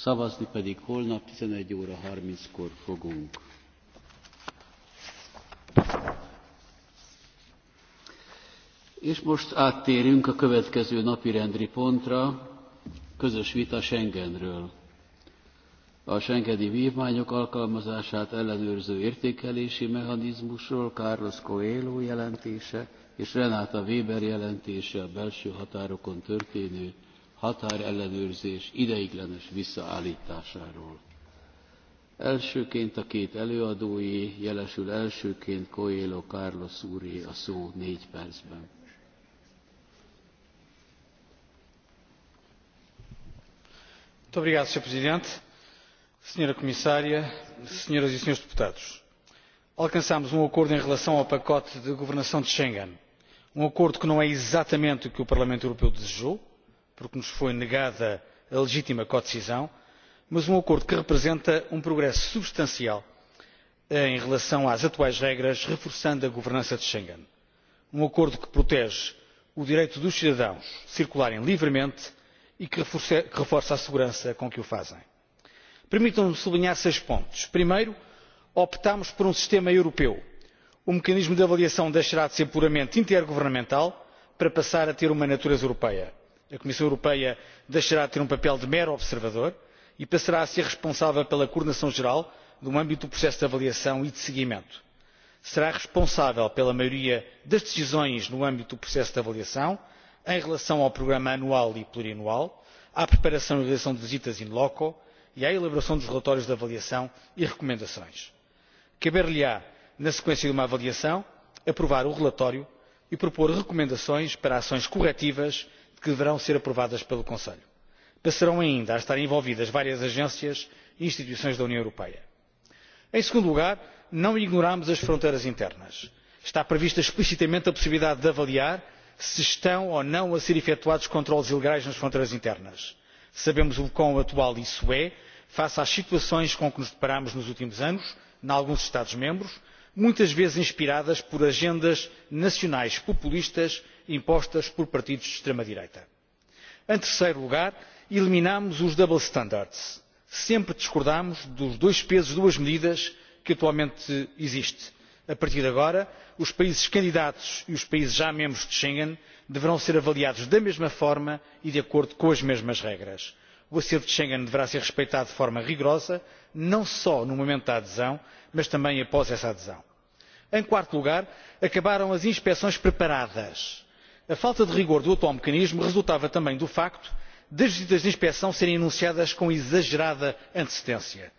Szavazni pedig holnap 11 óra 30-kor fogunk. És most áttérünk a következő napi rendri pontra, közös vita Schengenről. A Schengeni vívmányok alkalmazását ellenőrző értékelési mechanizmusról Carlos Coelho jelentése és Renáta Weber jelentése a belső határokon történő határellenőrzés ideiglenes visszaállításáról. Elsőként a két előadói, jelesül elsőként Coelho Carlos úré a szó négy percben. Sr. Presidente, Sra. Comissária, Sras. e Srs. Deputados, alcançámos um acordo em relação ao pacote de governação de Schengen. Um acordo que não é exatamente o que o Parlamento Europeu desejou, porque nos foi negada a legítima codecisão mas um acordo que representa um progresso substancial em relação às atuais regras reforçando a governança de schengen um acordo que protege o direito dos cidadãos de circularem livremente e que reforça a segurança com que o fazem. permitam me sublinhar seis pontos. primeiro optámos por um sistema europeu. o mecanismo de avaliação deixará de ser puramente intergovernamental para passar a ter uma natureza europeia a comissão europeia deixará de ter um papel de mero observador e passará a ser responsável pela coordenação geral no âmbito do processo de avaliação e de seguimento. será responsável pela maioria das decisões no âmbito do processo de avaliação em relação ao programa anual e plurianual à preparação e realização de visitas in loco e à elaboração dos relatórios de avaliação e recomendações. caber lhe á na sequência de uma avaliação aprovar o relatório e propor recomendações para ações corretivas que deverão ser aprovadas pelo conselho. passarão ainda a estar envolvidas várias agências e instituições da união europeia. em segundo lugar não ignoramos as fronteiras internas. está prevista explicitamente a possibilidade de avaliar se estão ou não a ser efetuados controles ilegais nas fronteiras internas. sabemos o quão atual isso é face às situações com que nos deparamos nos últimos anos em alguns estados membros muitas vezes inspiradas por agendas nacionais populistas impostas por partidos de extrema direita. em terceiro lugar eliminamos os double standards. sempre discordamos dos dois pesos duas medidas que atualmente existe. a partir de agora os países candidatos e os países já membros de schengen deverão ser avaliados da mesma forma e de acordo com as mesmas regras. o acervo de schengen deverá ser respeitado de forma rigorosa não só no momento da adesão mas também após essa adesão. em quarto lugar acabaram as inspeções preparadas a falta de rigor do atual mecanismo resultava também do facto das visitas de inspeção serem anunciadas com exagerada antecedência.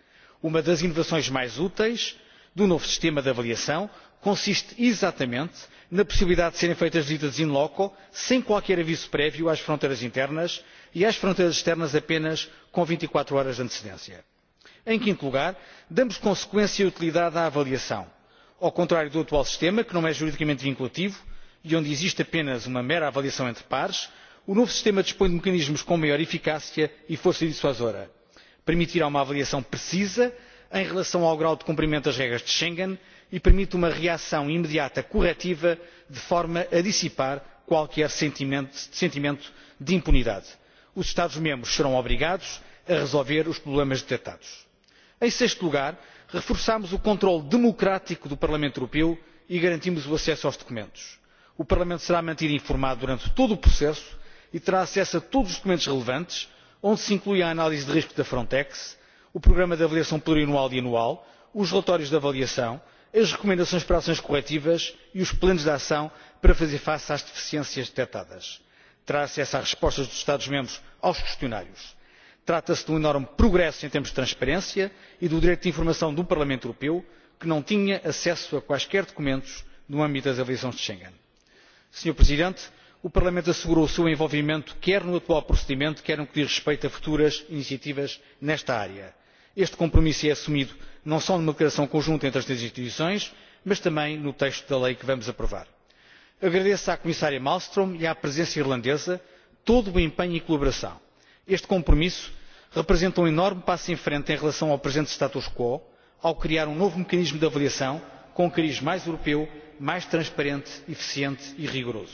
uma das inovações mais úteis do novo sistema de avaliação consiste exatamente na possibilidade de serem feitas visitas in loco sem qualquer aviso prévio às fronteiras internas e às fronteiras externas apenas com vinte e quatro horas de antecedência. em quinto lugar damos consequência e utilidade à avaliação. ao contrário do atual sistema que não é juridicamente vinculativo e onde existe apenas uma mera avaliação entre pares o novo sistema dispõe de mecanismos com maior eficácia e força dissuasora permitirá uma avaliação precisa em relação ao grau de cumprimento das regras de schengen e permite uma reação imediata corretiva de forma a dissipar qualquer sentimento de impunidade. os estados membros serão obrigados a resolver os problemas detectados. em sexto lugar reforçamos o controle democrático do parlamento europeu e garantimos o acesso aos documentos o parlamento será mantido informado durante todo o processo e terá acesso a todos os documentos relevantes onde se inclui a análise de risco da frontex o programa de avaliação plurianual e anual os relatórios de avaliação as recomendações para ações corretivas e os planos de ação para fazer face às deficiências detectadas. terá acesso às respostas dos estados membros aos questionários. trata se de um enorme progresso em termos de transparência e do direito de informação do parlamento europeu que não tinha acesso a quaisquer documentos no âmbito das avaliações de schengen senhor presidente o parlamento assegurou o seu envolvimento quer no atual procedimento quer no que diz respeito a futuras iniciativas nesta área. este compromisso é assumido não só numa declaração conjunta entre as três instituições mas também no texto da lei que vamos aprovar. agradeço à comissária malmstrm e à presidência irlandesa todo o empenho e colaboração. este compromisso representa um enorme passo em frente em relação ao presente status quo ao criar um novo mecanismo de avaliação com um cariz mais europeu mais transparente eficiente e rigoroso.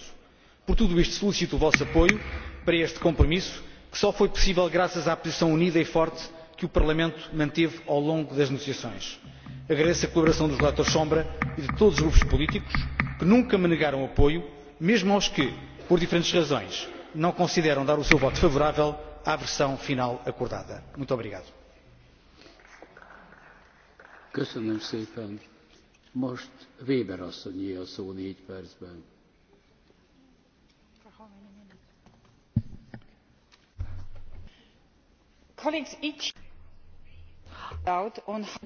por tudo isto solicito o vosso apoio para este compromisso que só foi possível graças à posição unida e forte que o parlamento manteve ao longo das negociações. agradeço a colaboração dos relatores sombra e de todos os grupos políticos que nunca me negaram apoio mesmo aos que por diferentes razões não consideram dar o seu voto favorável à versão final acordada. muito obrigado. Most Weber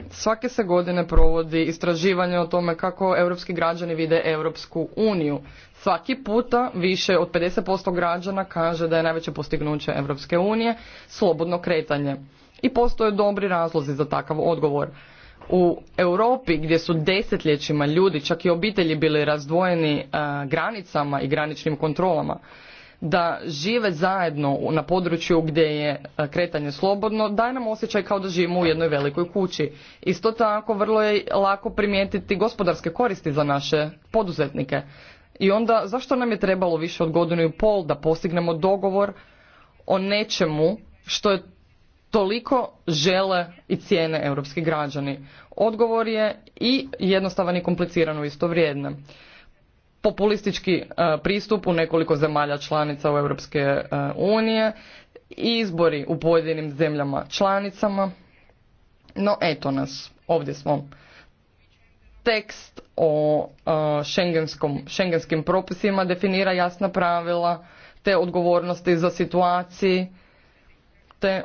Svake se godine provodi istraživanje o tome kako europski građani vide Europsku uniju. Svaki puta više od 50% građana kaže da je najveće postignuće Europske unije slobodno kretanje. I postoje dobri razlozi za takav odgovor u Europi gdje su desetljećima ljudi, čak i obitelji bili razdvojeni e, granicama i graničnim kontrolama, da žive zajedno na području gdje je e, kretanje slobodno, daje nam osjećaj kao da živimo u jednoj velikoj kući. Isto tako vrlo je lako primijetiti gospodarske koristi za naše poduzetnike. I onda zašto nam je trebalo više od godinu i pol da postignemo dogovor o nečemu što je toliko žele i cijene europski građani. Odgovor je i jednostavan i kompliciran u isto vrijedne. Populistički e, pristup u nekoliko zemalja članica u Europske e, unije, izbori u pojedinim zemljama članicama, no eto nas, ovdje smo. Tekst o e, šengenskim propisima definira jasna pravila te odgovornosti za situaciji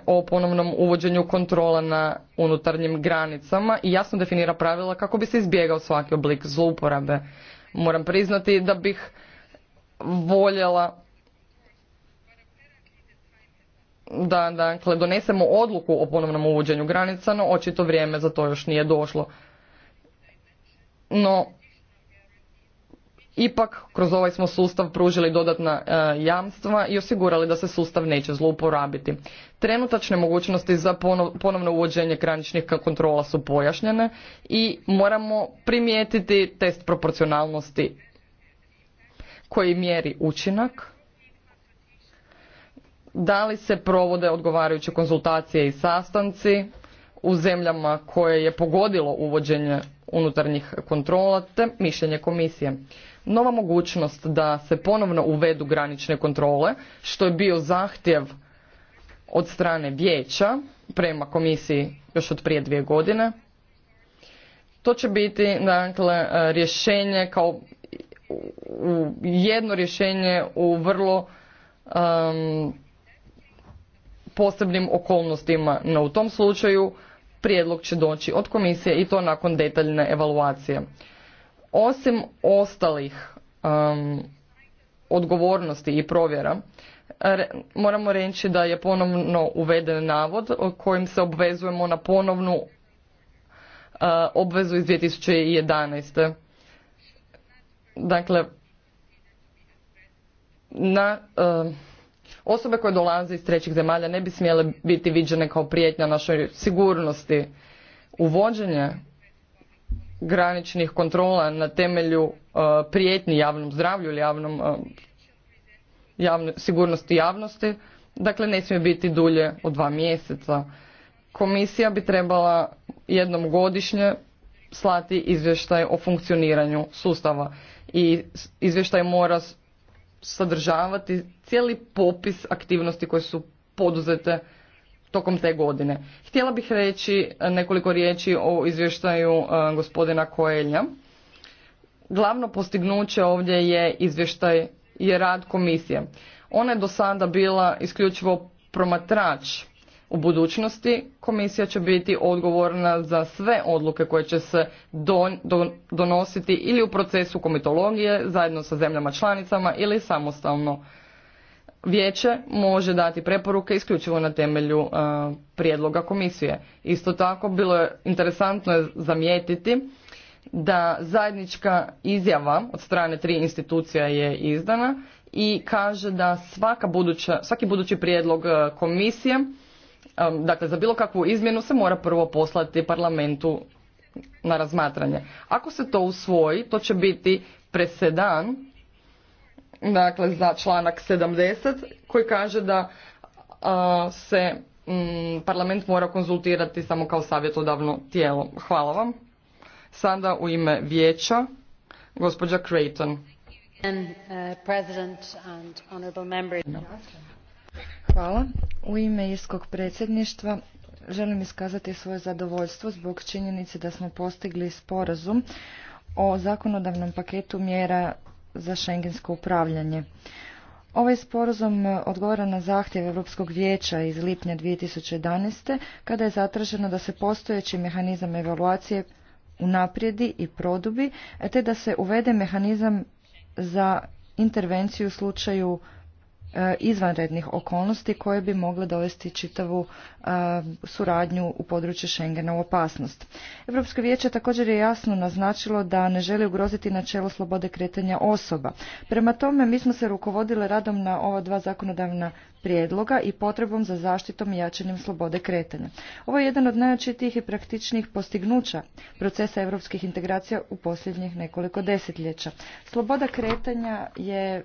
o ponovnom uvođenju kontrola na unutarnjim granicama i jasno definira pravila kako bi se izbjegao svaki oblik zlouporabe. Moram priznati da bih voljela da dakle, donesemo odluku o ponovnom uvođenju granica, no očito vrijeme za to još nije došlo. No, Ipak, kroz ovaj smo sustav pružili dodatna e, jamstva i osigurali da se sustav neće zlouporabiti. Trenutačne mogućnosti za ponovno uvođenje graničnih kontrola su pojašnjene i moramo primijetiti test proporcionalnosti koji mjeri učinak, da li se provode odgovarajuće konzultacije i sastanci, u zemljama koje je pogodilo uvođenje unutarnjih kontrola te mišljenje komisije. Nova mogućnost da se ponovno uvedu granične kontrole, što je bio zahtjev od strane vijeća prema komisiji još od prije dvije godine, to će biti dakle, rješenje kao jedno rješenje u vrlo um, posebnim okolnostima. No u tom slučaju prijedlog će doći od komisije i to nakon detaljne evaluacije. Osim ostalih um, odgovornosti i provjera, moramo reći da je ponovno uveden navod kojim se obvezujemo na ponovnu uh, obvezu iz 2011. Dakle, na... Uh, Osobe koje dolaze iz trećih zemalja ne bi smjele biti viđene kao prijetnja našoj sigurnosti. Uvođenje graničnih kontrola na temelju e, prijetnji javnom zdravlju ili javnom e, sigurnosti javnosti, dakle ne smije biti dulje od dva mjeseca. Komisija bi trebala jednom godišnje slati izvještaj o funkcioniranju sustava i izvještaj mora sadržavati cijeli popis aktivnosti koje su poduzete tokom te godine. Htjela bih reći nekoliko riječi o izvještaju e, gospodina Koelja. Glavno postignuće ovdje je izvještaj je rad komisije. Ona je do sada bila isključivo promatrač u budućnosti komisija će biti odgovorna za sve odluke koje će se donositi ili u procesu komitologije zajedno sa zemljama članicama ili samostalno. Vijeće može dati preporuke isključivo na temelju e, prijedloga komisije. Isto tako bilo je interesantno zamijetiti da zajednička izjava od strane tri institucija je izdana i kaže da svaka buduća, svaki budući prijedlog e, komisije dakle za bilo kakvu izmjenu se mora prvo poslati parlamentu na razmatranje. Ako se to usvoji, to će biti presedan dakle za članak 70 koji kaže da se mm, parlament mora konzultirati samo kao savjetodavno tijelo. Hvala vam. Sada u ime vijeća gospođa Creighton. Uh, Hvala. U ime Irskog predsjedništva želim iskazati svoje zadovoljstvo zbog činjenice da smo postigli sporazum o zakonodavnom paketu mjera za šengensko upravljanje. Ovaj sporazum odgovara na zahtjev Europskog vijeća iz lipnja 2011. kada je zatraženo da se postojeći mehanizam evaluacije unaprijedi i produbi, te da se uvede mehanizam za intervenciju u slučaju E, izvanrednih okolnosti koje bi mogle dovesti čitavu e, suradnju u području Schengena u opasnost. Europsko vijeće također je jasno naznačilo da ne želi ugroziti načelo slobode kretanja osoba. Prema tome mi smo se rukovodile radom na ova dva zakonodavna prijedloga i potrebom za zaštitom i jačanjem slobode kretanja. Ovo je jedan od najjačitijih i praktičnijih postignuća procesa europskih integracija u posljednjih nekoliko desetljeća. Sloboda kretanja je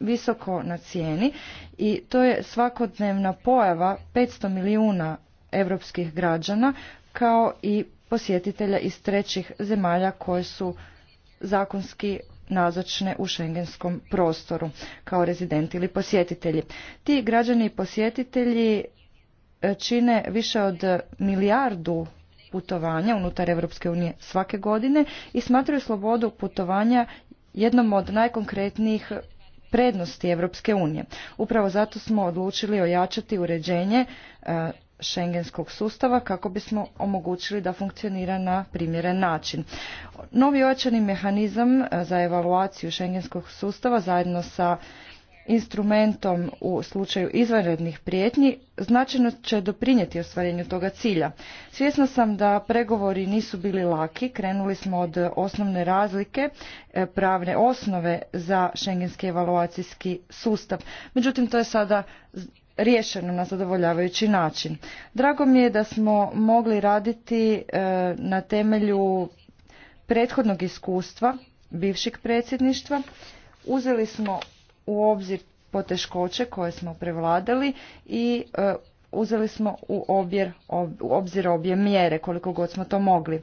visoko na cijeni i to je svakodnevna pojava 500 milijuna europskih građana kao i posjetitelja iz trećih zemalja koje su zakonski nazočne u šengenskom prostoru kao rezidenti ili posjetitelji. Ti građani i posjetitelji e, čine više od milijardu putovanja unutar Europske unije svake godine i smatraju slobodu putovanja jednom od najkonkretnijih prednosti Europske unije. Upravo zato smo odlučili ojačati uređenje e, šengenskog sustava kako bismo omogućili da funkcionira na primjeren način. Novi ojačani mehanizam e, za evaluaciju šengenskog sustava zajedno sa instrumentom u slučaju izvanrednih prijetnji značajno će doprinijeti ostvarenju toga cilja. Svjesna sam da pregovori nisu bili laki, krenuli smo od osnovne razlike e, pravne osnove za Schengenski evaluacijski sustav. Međutim, to je sada riješeno na zadovoljavajući način. Drago mi je da smo mogli raditi e, na temelju prethodnog iskustva bivšeg predsjedništva. Uzeli smo u obzir poteškoće koje smo prevladali i e, uzeli smo u, obzir obje mjere koliko god smo to mogli.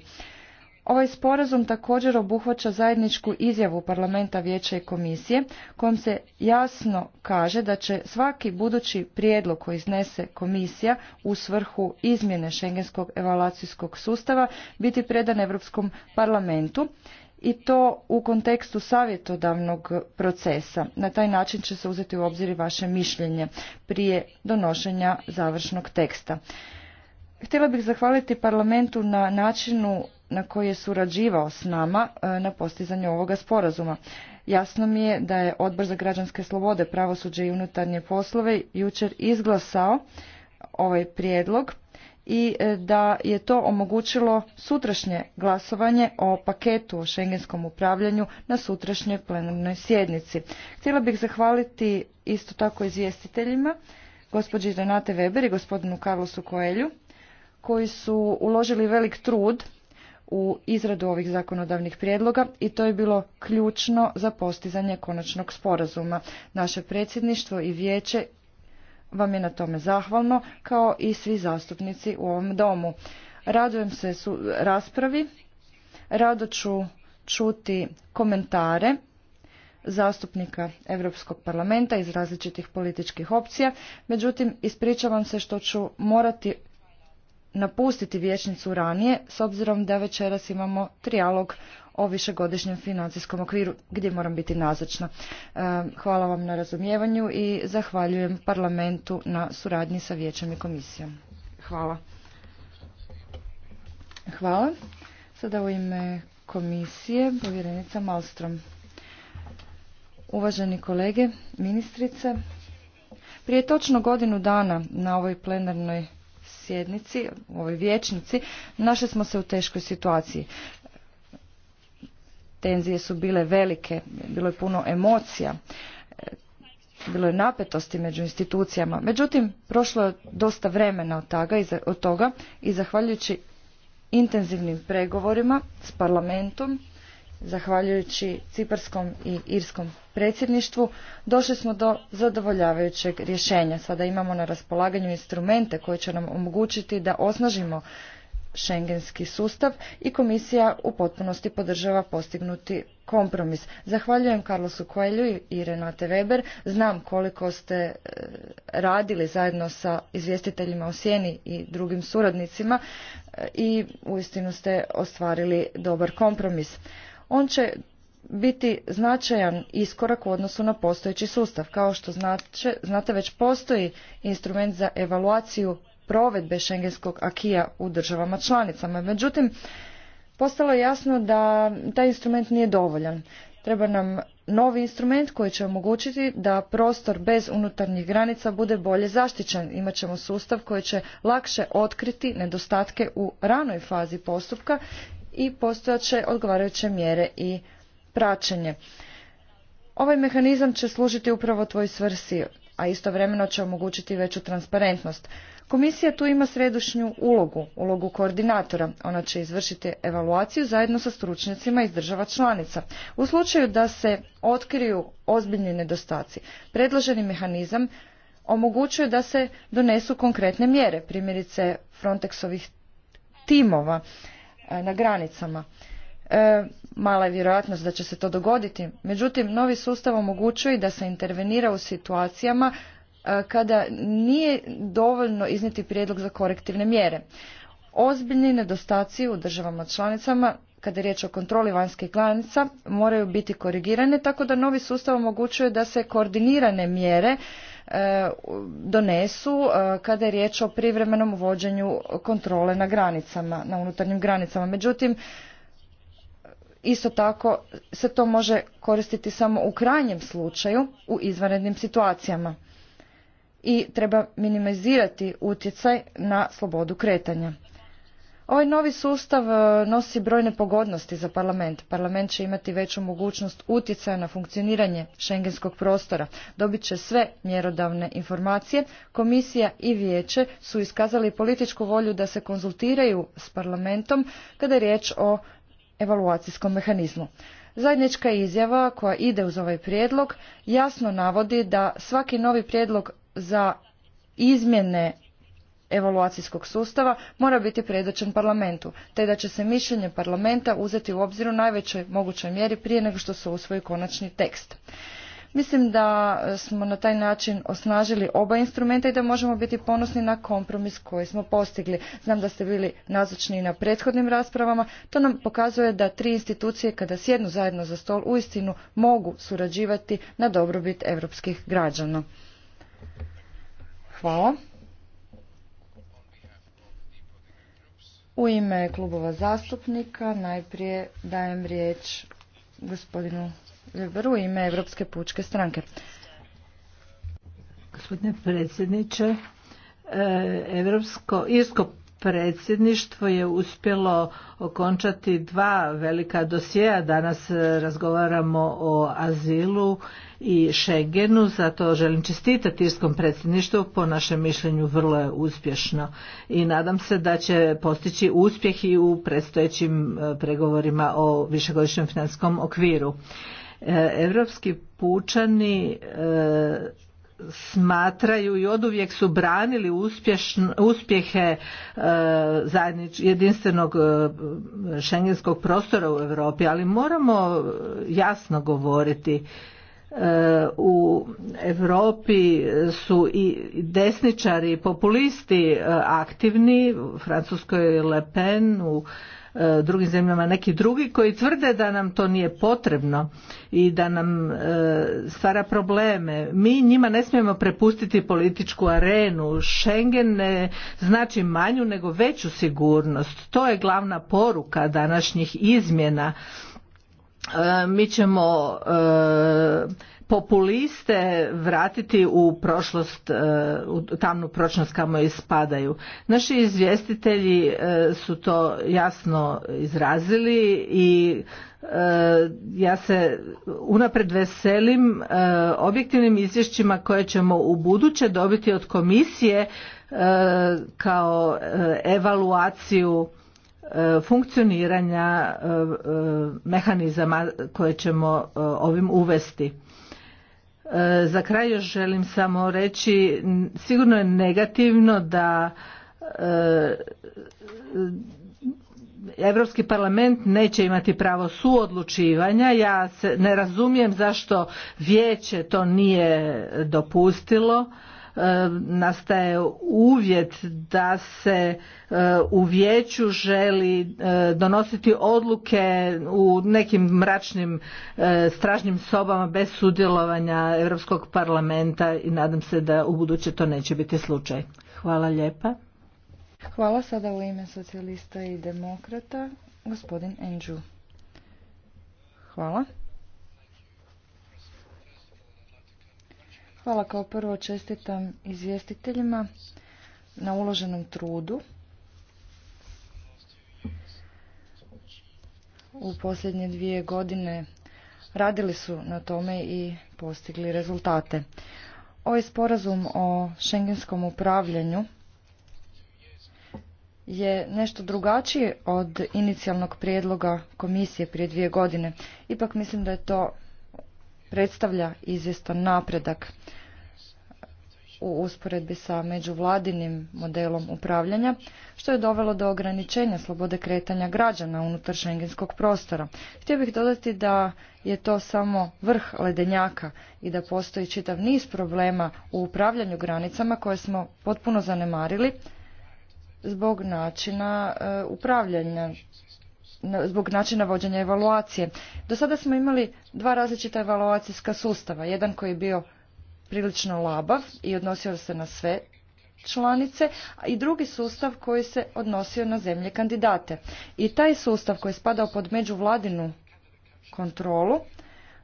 Ovaj sporazum također obuhvaća zajedničku izjavu parlamenta vijeća i komisije kojom se jasno kaže da će svaki budući prijedlog koji iznese komisija u svrhu izmjene šengenskog evaluacijskog sustava biti predan Europskom parlamentu i to u kontekstu savjetodavnog procesa. Na taj način će se uzeti u obzir i vaše mišljenje prije donošenja završnog teksta. Htjela bih zahvaliti parlamentu na načinu na koji je surađivao s nama e, na postizanju ovoga sporazuma. Jasno mi je da je Odbor za građanske slobode, pravosuđe i unutarnje poslove jučer izglasao ovaj prijedlog i e, da je to omogućilo sutrašnje glasovanje o paketu o šengenskom upravljanju na sutrašnjoj plenarnoj sjednici. Htjela bih zahvaliti isto tako izvjestiteljima, gospođi Renate Weber i gospodinu Karlosu Koelju, koji su uložili velik trud u izradu ovih zakonodavnih prijedloga i to je bilo ključno za postizanje konačnog sporazuma. Naše predsjedništvo i vijeće vam je na tome zahvalno, kao i svi zastupnici u ovom domu. Radujem se su raspravi, rado ću čuti komentare zastupnika Europskog parlamenta iz različitih političkih opcija, međutim ispričavam se što ću morati napustiti vječnicu ranije, s obzirom da večeras imamo trijalog o višegodišnjem financijskom okviru gdje moram biti nazočna. E, hvala vam na razumijevanju i zahvaljujem parlamentu na suradnji sa vijećem i komisijom. Hvala. Hvala. Sada u ime komisije povjerenica Malstrom. Uvaženi kolege, ministrice, prije točno godinu dana na ovoj plenarnoj sjednici, u ovoj vječnici, našli smo se u teškoj situaciji. Tenzije su bile velike, bilo je puno emocija, e, bilo je napetosti među institucijama. Međutim, prošlo je dosta vremena od toga i zahvaljujući intenzivnim pregovorima s parlamentom, zahvaljujući ciparskom i irskom predsjedništvu, došli smo do zadovoljavajućeg rješenja. Sada imamo na raspolaganju instrumente koji će nam omogućiti da osnažimo schengenski sustav i komisija u potpunosti podržava postignuti kompromis. Zahvaljujem Carlosu Coelju i Renate Weber. Znam koliko ste e, radili zajedno sa izvjestiteljima u Sjeni i drugim suradnicima e, i uistinu ste ostvarili dobar kompromis. On će biti značajan iskorak u odnosu na postojeći sustav. Kao što znate već postoji instrument za evaluaciju provedbe šengenskog akija u državama članicama. Međutim, postalo je jasno da taj instrument nije dovoljan. Treba nam novi instrument koji će omogućiti da prostor bez unutarnjih granica bude bolje zaštićen. Imaćemo sustav koji će lakše otkriti nedostatke u ranoj fazi postupka i postojaće odgovarajuće mjere i praćenje. Ovaj mehanizam će služiti upravo tvoj svrsi a istovremeno će omogućiti veću transparentnost. Komisija tu ima središnju ulogu, ulogu koordinatora. Ona će izvršiti evaluaciju zajedno sa stručnjacima iz država članica. U slučaju da se otkriju ozbiljni nedostaci, predloženi mehanizam omogućuje da se donesu konkretne mjere, primjerice Frontexovih timova e, na granicama. E, mala je vjerojatnost da će se to dogoditi. Međutim, novi sustav omogućuje da se intervenira u situacijama e, kada nije dovoljno izniti prijedlog za korektivne mjere. Ozbiljni nedostaci u državama članicama kada je riječ o kontroli vanjskih granica moraju biti korigirane tako da novi sustav omogućuje da se koordinirane mjere e, donesu e, kada je riječ o privremenom uvođenju kontrole na granicama, na unutarnjim granicama. Međutim, Isto tako se to može koristiti samo u krajnjem slučaju u izvanrednim situacijama i treba minimizirati utjecaj na slobodu kretanja. Ovaj novi sustav e, nosi brojne pogodnosti za parlament. Parlament će imati veću mogućnost utjecaja na funkcioniranje šengenskog prostora. Dobit će sve mjerodavne informacije. Komisija i vijeće su iskazali političku volju da se konzultiraju s parlamentom kada je riječ o evaluacijskom mehanizmu. Zajednička izjava koja ide uz ovaj prijedlog jasno navodi da svaki novi prijedlog za izmjene evaluacijskog sustava mora biti predočen parlamentu, te da će se mišljenje parlamenta uzeti u obzir u najvećoj mogućoj mjeri prije nego što se usvoji konačni tekst. Mislim da smo na taj način osnažili oba instrumenta i da možemo biti ponosni na kompromis koji smo postigli. Znam da ste bili nazočni i na prethodnim raspravama. To nam pokazuje da tri institucije kada sjednu zajedno za stol uistinu mogu surađivati na dobrobit europskih građana. Hvala. U ime klubova zastupnika najprije dajem riječ gospodinu u ime Europske pučke stranke. Gospodine predsjedniče, e, Evropsko, Irsko predsjedništvo je uspjelo okončati dva velika dosjeja. Danas e, razgovaramo o azilu i Schengenu, zato želim čestitati Irskom predsjedništvu, po našem mišljenju vrlo je uspješno i nadam se da će postići uspjeh i u predstojećim e, pregovorima o višegodišnjem financijskom okviru. Europski pučani e, smatraju i oduvijek su branili uspjehe e, jedinstvenog schengenskog šengenskog prostora u Europi, ali moramo jasno govoriti e, u Europi su i desničari, i populisti aktivni, u Francuskoj Le Pen, u E, drugim zemljama neki drugi koji tvrde da nam to nije potrebno i da nam e, stvara probleme. Mi njima ne smijemo prepustiti političku arenu. Schengen ne znači manju nego veću sigurnost. To je glavna poruka današnjih izmjena. E, mi ćemo populiste vratiti u prošlost, e, u tamnu prošlost kamo i spadaju. Naši izvjestitelji e, su to jasno izrazili i e, ja se unapred veselim objektivnim izvješćima koje ćemo u buduće dobiti od komisije kao evaluaciju funkcioniranja mehanizama koje ćemo ovim uvesti. E, za kraj još želim samo reći, sigurno je negativno da Europski parlament neće imati pravo suodlučivanja. Ja se ne razumijem zašto vijeće to nije dopustilo. E, nastaje uvjet da se e, u vijeću želi e, donositi odluke u nekim mračnim stražnim sobama bez sudjelovanja Europskog parlamenta i nadam se da u buduće to neće biti slučaj. Hvala lijepa. Hvala sada u ime socijalista i demokrata, gospodin Enđu. Hvala. Hvala kao prvo čestitam izvjestiteljima na uloženom trudu. U posljednje dvije godine radili su na tome i postigli rezultate. Ovaj sporazum o šengenskom upravljanju je nešto drugačiji od inicijalnog prijedloga komisije prije dvije godine. Ipak mislim da je to predstavlja izvjestan napredak u usporedbi sa međuvladinim modelom upravljanja, što je dovelo do ograničenja slobode kretanja građana unutar šengenskog prostora. Htio bih dodati da je to samo vrh ledenjaka i da postoji čitav niz problema u upravljanju granicama koje smo potpuno zanemarili zbog načina e, upravljanja zbog načina vođenja evaluacije. Do sada smo imali dva različita evaluacijska sustava. Jedan koji je bio prilično labav i odnosio se na sve članice i drugi sustav koji se odnosio na zemlje kandidate. I taj sustav koji je spadao pod međuvladinu kontrolu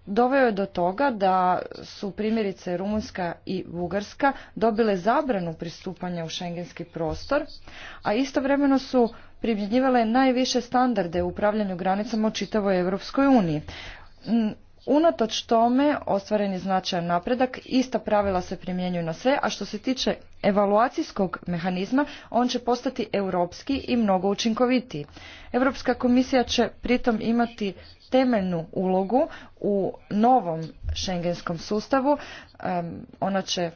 doveo je do toga da su primjerice Rumunjska i Bugarska dobile zabranu pristupanja u šengenski prostor, a istovremeno su je najviše standarde u upravljanju granicama u čitavoj Europskoj uniji. Mm, unatoč tome ostvaren je značajan napredak, ista pravila se primjenjuju na sve, a što se tiče evaluacijskog mehanizma, on će postati europski i mnogo učinkovitiji. Europska komisija će pritom imati temeljnu ulogu u novom šengenskom sustavu. Ona će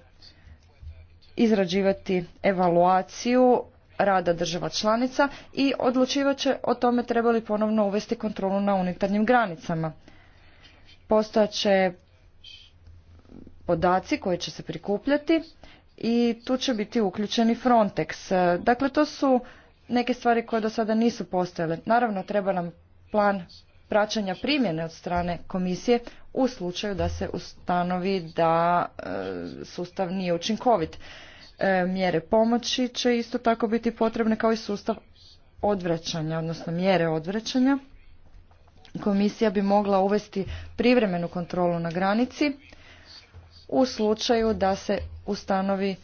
izrađivati evaluaciju rada država članica i odlučivat će o tome treba li ponovno uvesti kontrolu na unutarnjim granicama. Postojaće podaci koji će se prikupljati i tu će biti uključeni Frontex. Dakle, to su neke stvari koje do sada nisu postojale. Naravno, treba nam plan praćanja primjene od strane komisije u slučaju da se ustanovi da e, sustav nije učinkovit. E, mjere pomoći će isto tako biti potrebne kao i sustav odvraćanja, odnosno mjere odvraćanja. Komisija bi mogla uvesti privremenu kontrolu na granici u slučaju da se ustanovi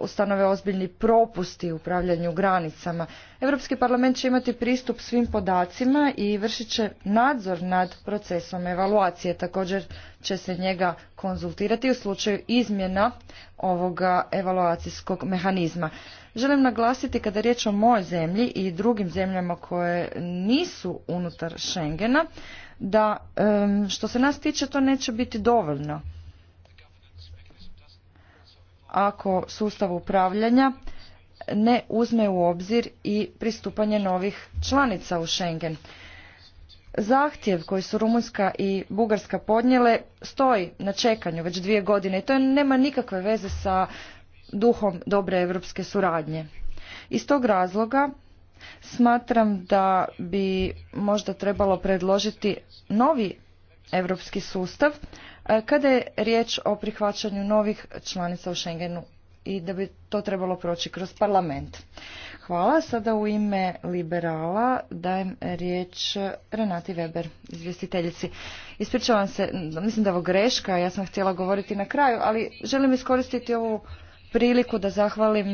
ustanove ozbiljni propusti u upravljanju granicama. Europski parlament će imati pristup svim podacima i vršit će nadzor nad procesom evaluacije. Također će se njega konzultirati u slučaju izmjena ovoga evaluacijskog mehanizma. Želim naglasiti kada je riječ o mojoj zemlji i drugim zemljama koje nisu unutar Schengena, da što se nas tiče to neće biti dovoljno ako sustav upravljanja ne uzme u obzir i pristupanje novih članica u Schengen. Zahtjev koji su Rumunjska i Bugarska podnijele stoji na čekanju već dvije godine i to nema nikakve veze sa duhom dobre europske suradnje. Iz tog razloga smatram da bi možda trebalo predložiti novi europski sustav E, kada je riječ o prihvaćanju novih članica u Schengenu i da bi to trebalo proći kroz parlament. Hvala. Sada u ime liberala dajem riječ Renati Weber, izvjestiteljici. Ispričavam se, mislim da je ovo greška, ja sam htjela govoriti na kraju, ali želim iskoristiti ovu priliku da zahvalim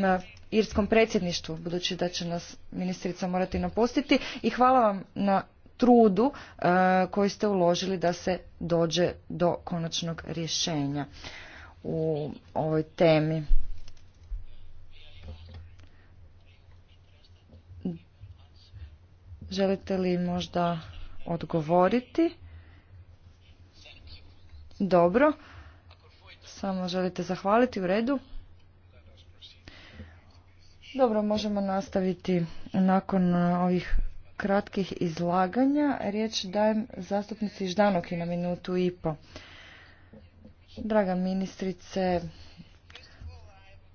irskom predsjedništvu, budući da će nas ministrica morati napustiti i hvala vam na trudu e, koji ste uložili da se dođe do konačnog rješenja u ovoj temi. Želite li možda odgovoriti? Dobro. Samo želite zahvaliti u redu. Dobro, možemo nastaviti nakon ovih kratkih izlaganja. Riječ dajem zastupnici i na minutu i po. Draga ministrice,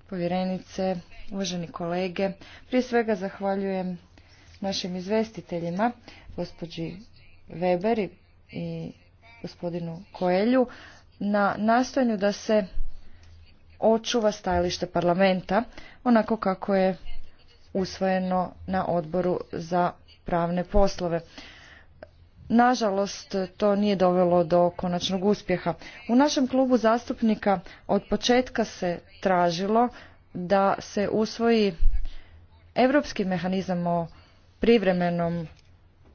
povjerenice, uvaženi kolege, prije svega zahvaljujem našim izvestiteljima, gospođi Weberi i gospodinu Koelju, na nastojanju da se očuva stajalište parlamenta, onako kako je usvojeno na odboru za pravne poslove. Nažalost, to nije dovelo do konačnog uspjeha. U našem klubu zastupnika od početka se tražilo da se usvoji europski mehanizam o privremenom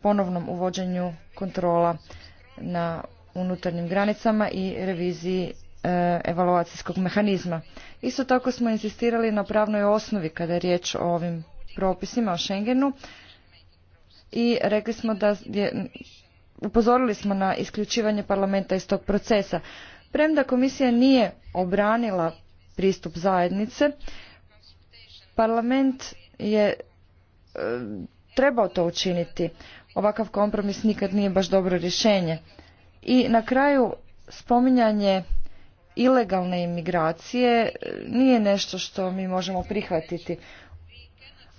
ponovnom uvođenju kontrola na unutarnjim granicama i reviziji e, evaluacijskog mehanizma. Isto tako smo insistirali na pravnoj osnovi kada je riječ o ovim propisima o Schengenu i rekli smo da je, upozorili smo na isključivanje parlamenta iz tog procesa. Premda komisija nije obranila pristup zajednice, parlament je e, trebao to učiniti. Ovakav kompromis nikad nije baš dobro rješenje. I na kraju spominjanje ilegalne imigracije e, nije nešto što mi možemo prihvatiti.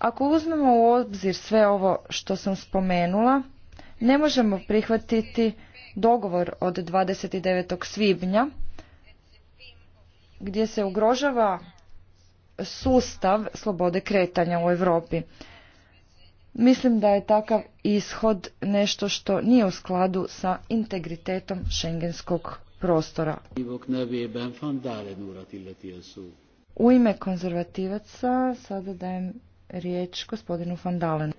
Ako uzmemo u obzir sve ovo što sam spomenula, ne možemo prihvatiti dogovor od 29. svibnja gdje se ugrožava sustav slobode kretanja u Europi. Mislim da je takav ishod nešto što nije u skladu sa integritetom šengenskog prostora. U ime konzervativaca sada dajem riječ gospodinu Van Dalen.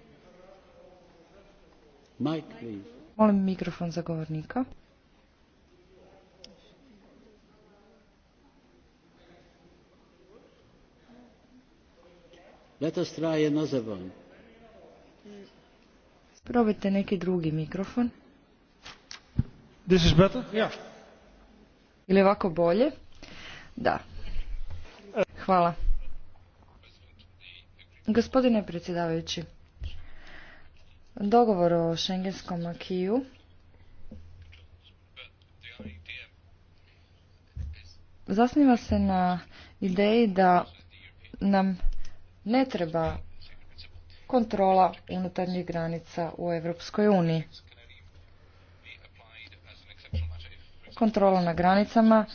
Molim mikrofon za govornika. Probajte neki drugi mikrofon. Ili ovako bolje? Da. Hvala. Gospodine predsjedavajući, dogovor o šengenskom makiju zasniva se na ideji da nam ne treba kontrola unutarnjih granica u Europskoj uniji. Kontrola na granicama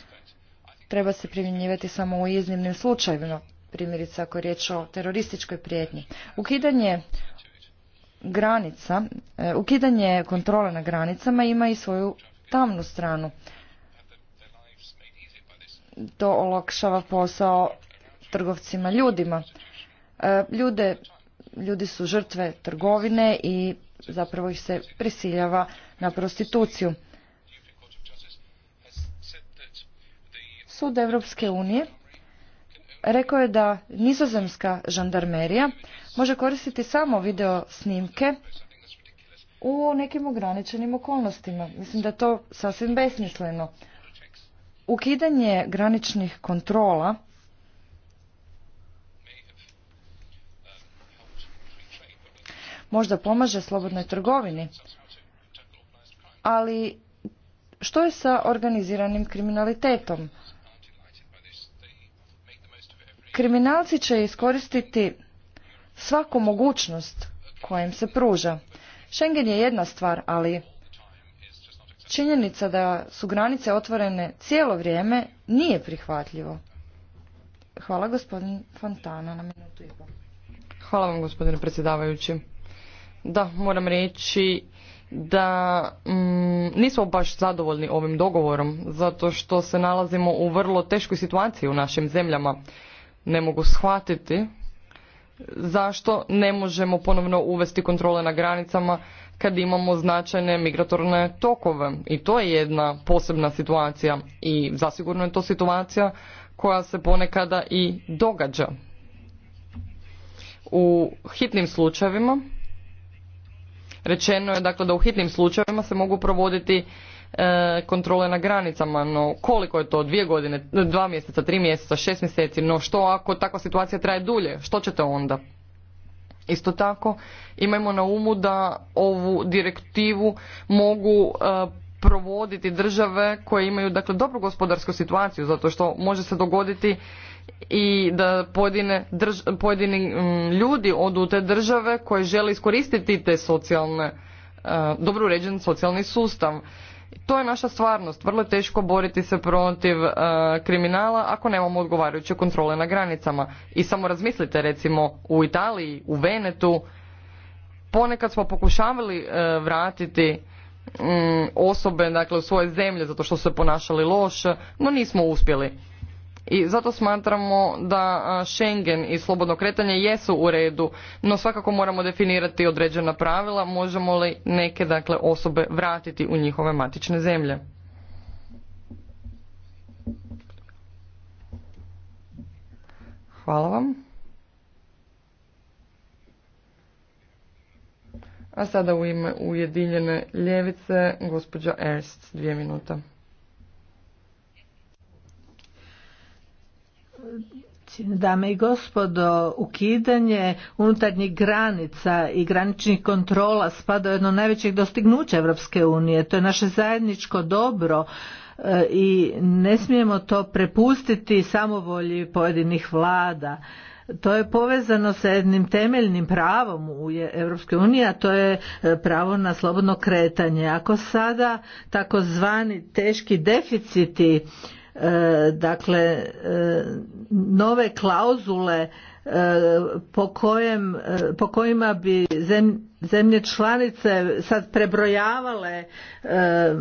treba se primjenjivati samo u iznimnim slučajevima primjerice ako je riječ o terorističkoj prijetnji. Ukidanje granica, e, ukidanje kontrole na granicama ima i svoju tamnu stranu. To olakšava posao trgovcima ljudima. E, ljude, ljudi su žrtve trgovine i zapravo ih se prisiljava na prostituciju. Sud Evropske unije rekao je da nizozemska žandarmerija može koristiti samo video snimke u nekim ograničenim okolnostima. Mislim da je to sasvim besmisleno. Ukidanje graničnih kontrola možda pomaže slobodnoj trgovini, ali što je sa organiziranim kriminalitetom? Kriminalci će iskoristiti svaku mogućnost koja im se pruža. Schengen je jedna stvar, ali činjenica da su granice otvorene cijelo vrijeme nije prihvatljivo. Hvala gospodin Fontana na minutu i Hvala vam gospodine predsjedavajući. Da, moram reći da mm, nismo baš zadovoljni ovim dogovorom zato što se nalazimo u vrlo teškoj situaciji u našim zemljama ne mogu shvatiti zašto ne možemo ponovno uvesti kontrole na granicama kad imamo značajne migratorne tokove i to je jedna posebna situacija i zasigurno je to situacija koja se ponekada i događa u hitnim slučajevima rečeno je dakle da u hitnim slučajevima se mogu provoditi E, kontrole na granicama, no koliko je to, dvije godine, dva mjeseca, tri mjeseca, šest mjeseci, no što ako takva situacija traje dulje, što ćete onda? Isto tako imajmo na umu da ovu direktivu mogu e, provoditi države koje imaju dakle dobru gospodarsku situaciju zato što može se dogoditi i da pojedine pojedini ljudi odu u te države koje žele iskoristiti te socijalne e, dobro uređen socijalni sustav to je naša stvarnost vrlo je teško boriti se protiv e, kriminala ako nemamo odgovarajuće kontrole na granicama i samo razmislite recimo u italiji u venetu ponekad smo pokušavali e, vratiti mm, osobe dakle u svoje zemlje zato što su se ponašali loše no nismo uspjeli i zato smatramo da Schengen i slobodno kretanje jesu u redu, no svakako moramo definirati određena pravila, možemo li neke dakle osobe vratiti u njihove matične zemlje. Hvala vam. A sada u ime Ujedinjene ljevice, gospođa Erst, dvije minuta. Dame i gospodo, ukidanje unutarnjih granica i graničnih kontrola spada u jedno najvećih dostignuća Europske unije. To je naše zajedničko dobro e, i ne smijemo to prepustiti samovolji pojedinih vlada. To je povezano sa jednim temeljnim pravom u Evropske unije, a to je e, pravo na slobodno kretanje. Ako sada takozvani teški deficiti dakle nove klauzule e, po, kojem, po kojima bi zemlje članice sad prebrojavale e,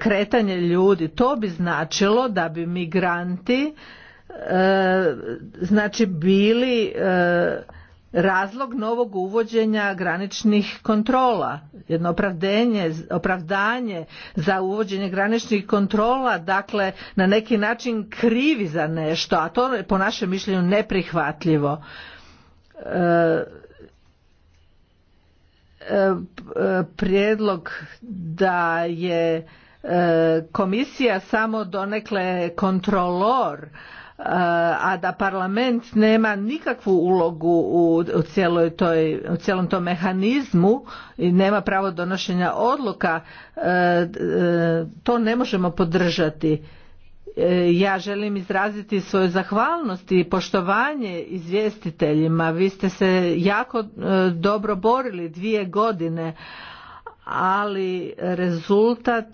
kretanje ljudi to bi značilo da bi migranti e, znači bili razlog novog uvođenja graničnih kontrola jedno opravdanje za uvođenje graničnih kontrola dakle na neki način krivi za nešto a to je po našem mišljenju neprihvatljivo e, e, prijedlog da je e, komisija samo donekle kontrolor a da parlament nema nikakvu ulogu u, toj, u cijelom tom mehanizmu i nema pravo donošenja odluka, e, e, to ne možemo podržati. E, ja želim izraziti svoju zahvalnost i poštovanje izvjestiteljima. Vi ste se jako dobro borili dvije godine, ali rezultat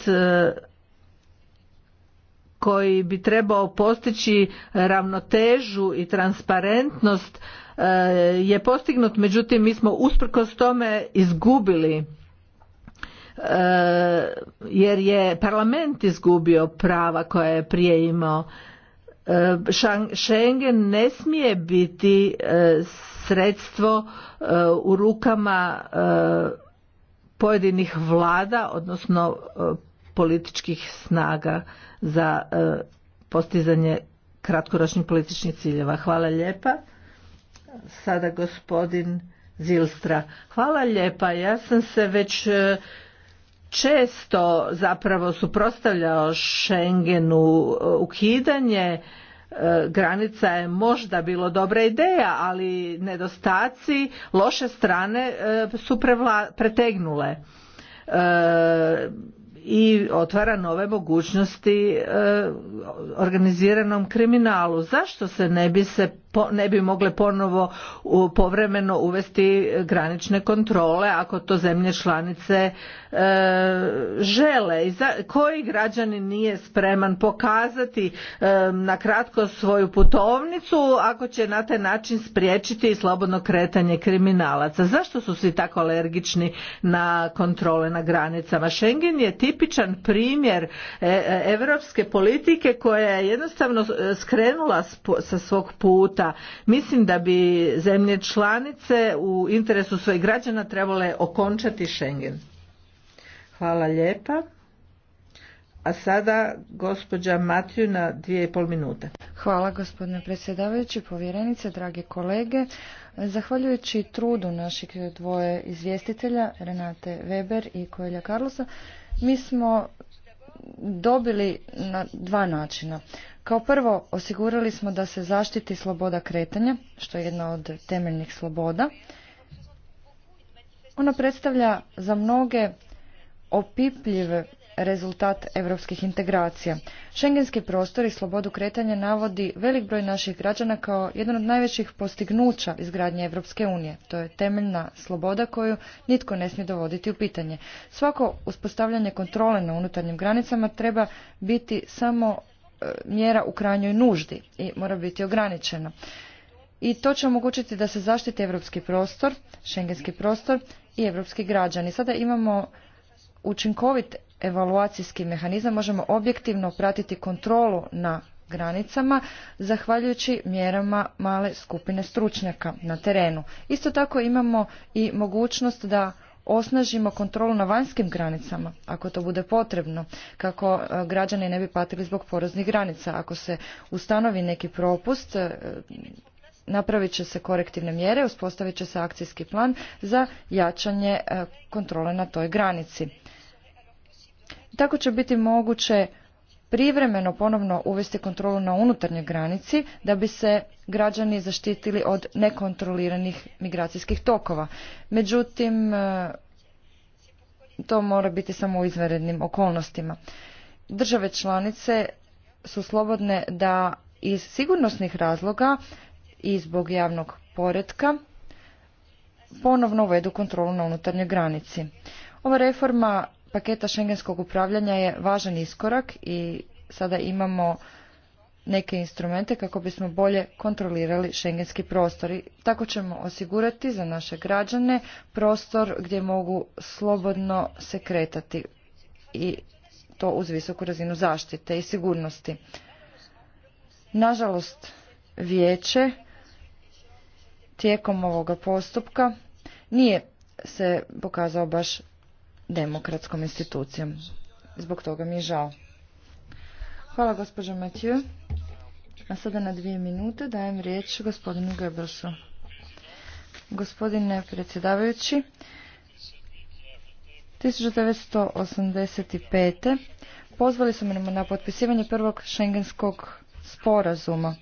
koji bi trebao postići ravnotežu i transparentnost e, je postignut, međutim mi smo usprkos tome izgubili e, jer je parlament izgubio prava koja je prije imao. E, Schengen ne smije biti sredstvo u rukama pojedinih vlada, odnosno političkih snaga za e, postizanje kratkoročnih političnih ciljeva. Hvala lijepa. Sada gospodin Zilstra. Hvala lijepa. Ja sam se već e, često zapravo suprotstavljao Schengenu ukidanje e, granica je možda bilo dobra ideja, ali nedostaci loše strane su pretegnule i otvara nove mogućnosti e, organiziranom kriminalu. Zašto se ne bi, se, ne bi mogle ponovo povremeno uvesti granične kontrole ako to zemlje članice e, žele? I za, koji građani nije spreman pokazati e, na kratko svoju putovnicu ako će na taj način spriječiti slobodno kretanje kriminalaca? Zašto su svi tako alergični na kontrole na granicama? Schengen je ti tipičan primjer europske e, politike koja je jednostavno e, skrenula sa svog puta. Mislim da bi zemlje članice u interesu svojih građana trebale okončati Schengen. Hvala lijepa. A sada gospođa Matiju na dvije i pol minute. Hvala gospodine predsjedavajući, povjerenice, drage kolege. Zahvaljujući trudu naših dvoje izvjestitelja, Renate Weber i Koelja Karlosa, mi smo dobili na dva načina. Kao prvo, osigurali smo da se zaštiti sloboda kretanja, što je jedna od temeljnih sloboda. Ona predstavlja za mnoge opipljive rezultat europskih integracija. Schengenski prostor i slobodu kretanja navodi velik broj naših građana kao jedan od najvećih postignuća izgradnje Europske unije. To je temeljna sloboda koju nitko ne smije dovoditi u pitanje. Svako uspostavljanje kontrole na unutarnjim granicama treba biti samo e, mjera u krajnjoj nuždi i mora biti ograničena. I to će omogućiti da se zaštiti europski prostor, šengenski prostor i evropski građani. Sada imamo učinkovit evaluacijski mehanizam možemo objektivno pratiti kontrolu na granicama zahvaljujući mjerama male skupine stručnjaka na terenu. Isto tako imamo i mogućnost da osnažimo kontrolu na vanjskim granicama ako to bude potrebno kako e, građani ne bi patili zbog poroznih granica. Ako se ustanovi neki propust e, napravit će se korektivne mjere, uspostavit će se akcijski plan za jačanje e, kontrole na toj granici. Tako će biti moguće privremeno ponovno uvesti kontrolu na unutarnjoj granici da bi se građani zaštitili od nekontroliranih migracijskih tokova. Međutim, e, to mora biti samo u izvanrednim okolnostima. Države članice su slobodne da iz sigurnosnih razloga i zbog javnog poretka ponovno uvedu kontrolu na unutarnjoj granici. Ova reforma paketa šengenskog upravljanja je važan iskorak i sada imamo neke instrumente kako bismo bolje kontrolirali šengenski prostor. I tako ćemo osigurati za naše građane prostor gdje mogu slobodno se kretati i to uz visoku razinu zaštite i sigurnosti. Nažalost, vijeće tijekom ovoga postupka nije se pokazao baš demokratskom institucijom. Zbog toga mi je žao. Hvala gospođo Mathieu. A sada na dvije minute dajem riječ gospodinu Goebbelsu. Gospodine predsjedavajući, 1985. pozvali su me na potpisivanje prvog šengenskog sporazuma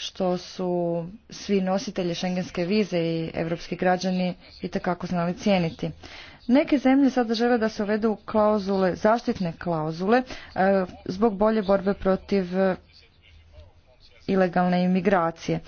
što su svi nositelji Schengenske vize i europski građani itekako znali cijeniti. Neke zemlje sada žele da se uvedu klauzule, zaštitne klauzule e, zbog bolje borbe protiv e, ilegalne imigracije.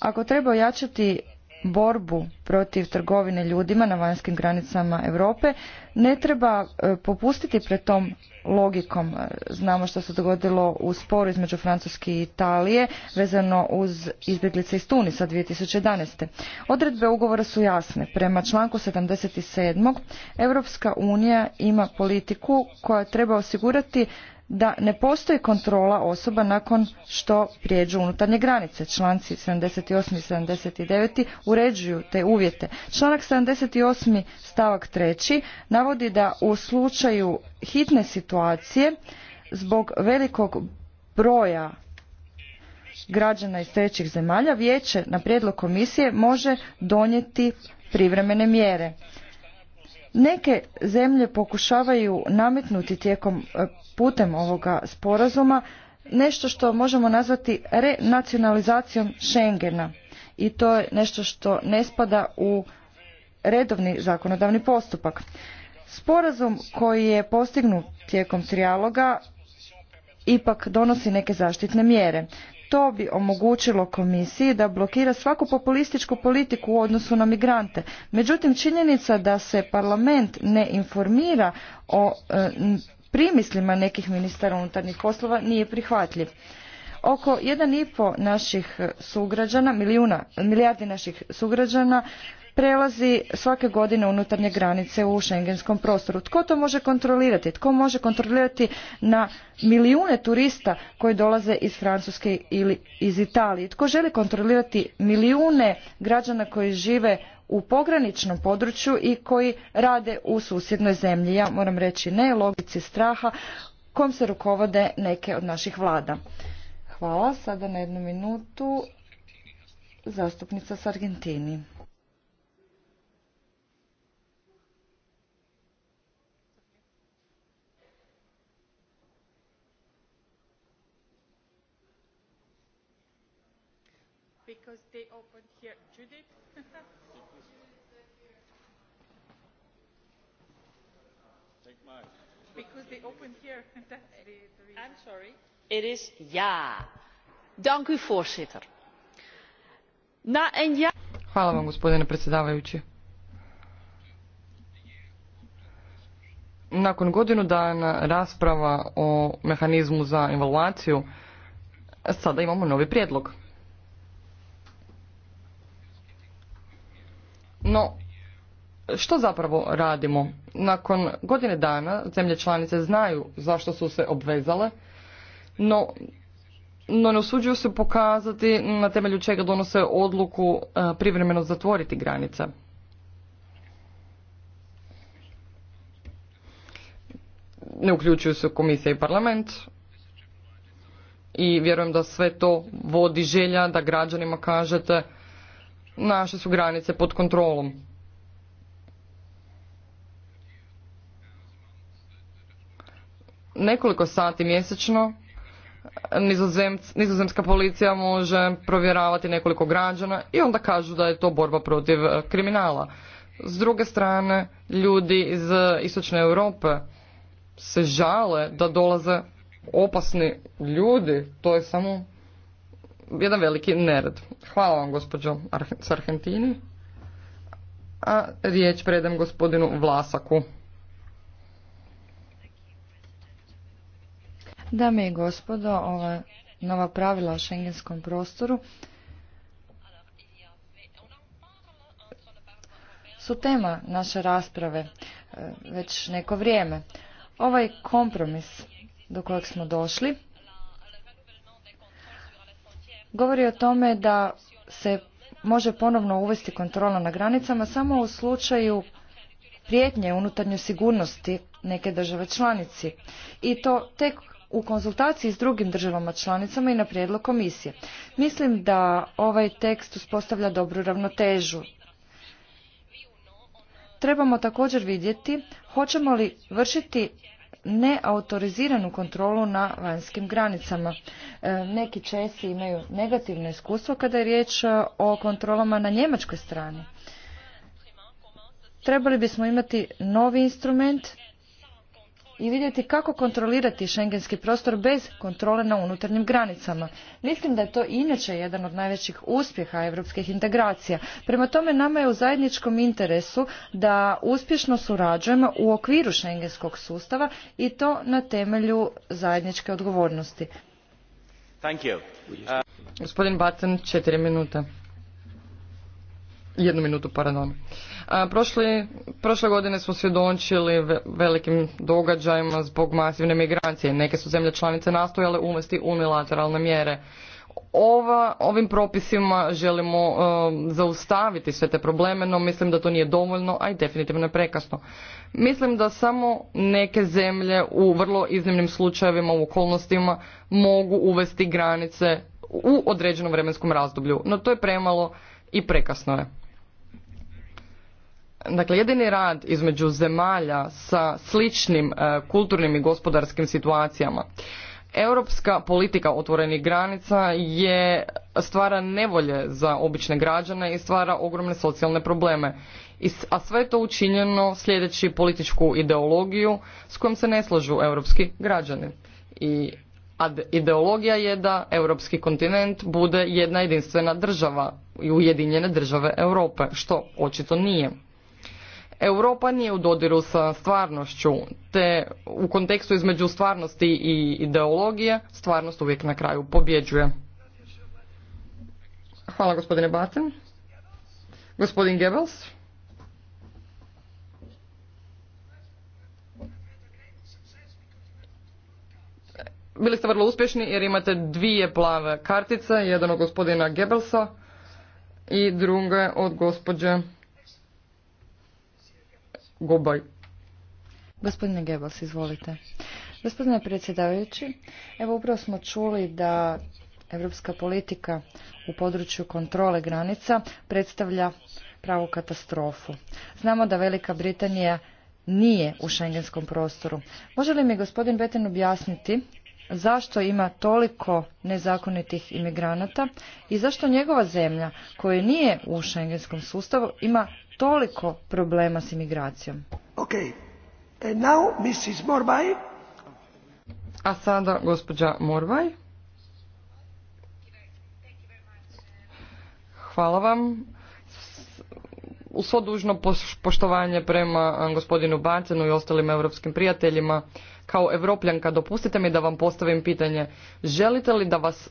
Ako treba ojačati borbu protiv trgovine ljudima na vanjskim granicama Europe ne treba e, popustiti pred tom logikom. E, znamo što se dogodilo u sporu između Francuske i Italije vezano uz izbjeglice iz Tunisa 2011. Odredbe ugovora su jasne. Prema članku 77. Europska unija ima politiku koja treba osigurati da ne postoji kontrola osoba nakon što prijeđu unutarnje granice. Članci 78. i 79. uređuju te uvjete. Članak 78. stavak 3. navodi da u slučaju hitne situacije zbog velikog broja građana iz trećih zemalja vijeće na prijedlog komisije može donijeti privremene mjere. Neke zemlje pokušavaju nametnuti tijekom e, putem ovoga sporazuma nešto što možemo nazvati renacionalizacijom Schengena i to je nešto što ne spada u redovni zakonodavni postupak. Sporazum koji je postignut tijekom trijaloga ipak donosi neke zaštitne mjere. To bi omogućilo komisiji da blokira svaku populističku politiku u odnosu na migrante. Međutim, činjenica da se parlament ne informira o e, primislima nekih ministara unutarnjih poslova nije prihvatljiv. Oko 1,5 naših e, sugrađana, milijardi naših sugrađana prelazi svake godine unutarnje granice u schengenskom prostoru. Tko to može kontrolirati? Tko može kontrolirati na milijune turista koji dolaze iz Francuske ili iz Italije? Tko želi kontrolirati milijune građana koji žive u pograničnom području i koji rade u susjednoj zemlji? Ja moram reći ne logici straha kom se rukovode neke od naših vlada. Hvala. Sada na jednu minutu zastupnica s Argentini. Hvala vam gospodine predsjedavajući. Nakon godinu dana rasprava o mehanizmu za evaluaciju, sada imamo novi prijedlog. No, što zapravo radimo? Nakon godine dana zemlje članice znaju zašto su se obvezale, no, no ne osuđuju se pokazati na temelju čega donose odluku e, privremeno zatvoriti granice. Ne uključuju se komisija i parlament i vjerujem da sve to vodi želja da građanima kažete naše su granice pod kontrolom nekoliko sati mjesečno nizozemska policija može provjeravati nekoliko građana i onda kažu da je to borba protiv e, kriminala. S druge strane, ljudi iz e, istočne Europe se žale da dolaze opasni ljudi. To je samo jedan veliki nered. Hvala vam gospođo s Argentini. A riječ predem gospodinu Vlasaku. Dame i gospodo, ova nova pravila o šengenskom prostoru su tema naše rasprave e, već neko vrijeme. Ovaj kompromis do kojeg smo došli govori o tome da se može ponovno uvesti kontrola na granicama samo u slučaju prijetnje unutarnjoj sigurnosti neke države članici i to tek u konzultaciji s drugim državama članicama i na prijedlog komisije. Mislim da ovaj tekst uspostavlja dobru ravnotežu. Trebamo također vidjeti hoćemo li vršiti neautoriziranu kontrolu na vanjskim granicama. E, neki Česi imaju negativno iskustvo kada je riječ e, o kontrolama na njemačkoj strani. Trebali bismo imati novi instrument i vidjeti kako kontrolirati šengenski prostor bez kontrole na unutarnjim granicama. Mislim da je to inače jedan od najvećih uspjeha europskih integracija. Prema tome nama je u zajedničkom interesu da uspješno surađujemo u okviru šengenskog sustava i to na temelju zajedničke odgovornosti. Gospodin četiri minuta jednu minutu, pardon. Prošli, prošle godine smo svjedočili velikim događajima zbog masivne migracije. Neke su zemlje članice nastojale uvesti unilateralne mjere. Ova, ovim propisima želimo e, zaustaviti sve te probleme, no mislim da to nije dovoljno, a i definitivno je prekasno. Mislim da samo neke zemlje u vrlo iznimnim slučajevima, u okolnostima mogu uvesti granice u određenom vremenskom razdoblju, no to je premalo i prekasno je. Dakle, jedini rad između zemalja sa sličnim e, kulturnim i gospodarskim situacijama. Europska politika otvorenih granica je stvara nevolje za obične građane i stvara ogromne socijalne probleme. I, a sve to učinjeno sljedeći političku ideologiju s kojom se ne slažu europski građani. I a ideologija je da europski kontinent bude jedna jedinstvena država i ujedinjene države Europe, što očito nije. Europa nije u dodiru sa stvarnošću, te u kontekstu između stvarnosti i ideologije stvarnost uvijek na kraju pobjeđuje. Hvala gospodine Baten. Gospodin Goebbels. Bili ste vrlo uspješni jer imate dvije plave kartice, jedan od gospodina Goebbelsa i druge od gospođe Gospodine Gebels, izvolite. Gospodine predsjedavajući, evo upravo smo čuli da europska politika u području kontrole granica predstavlja pravu katastrofu. Znamo da Velika Britanija nije u šengenskom prostoru. Može li mi gospodin Beten objasniti zašto ima toliko nezakonitih imigranata i zašto njegova zemlja koja nije u šengenskom sustavu ima toliko problema s imigracijom. Okay. And now, Mrs. A sada gospođa Morvaj. Hvala vam. U svo dužno poštovanje prema eh, gospodinu Bacenu i ostalim europskim prijateljima, kao evropljanka dopustite mi da vam postavim pitanje. Želite li da vas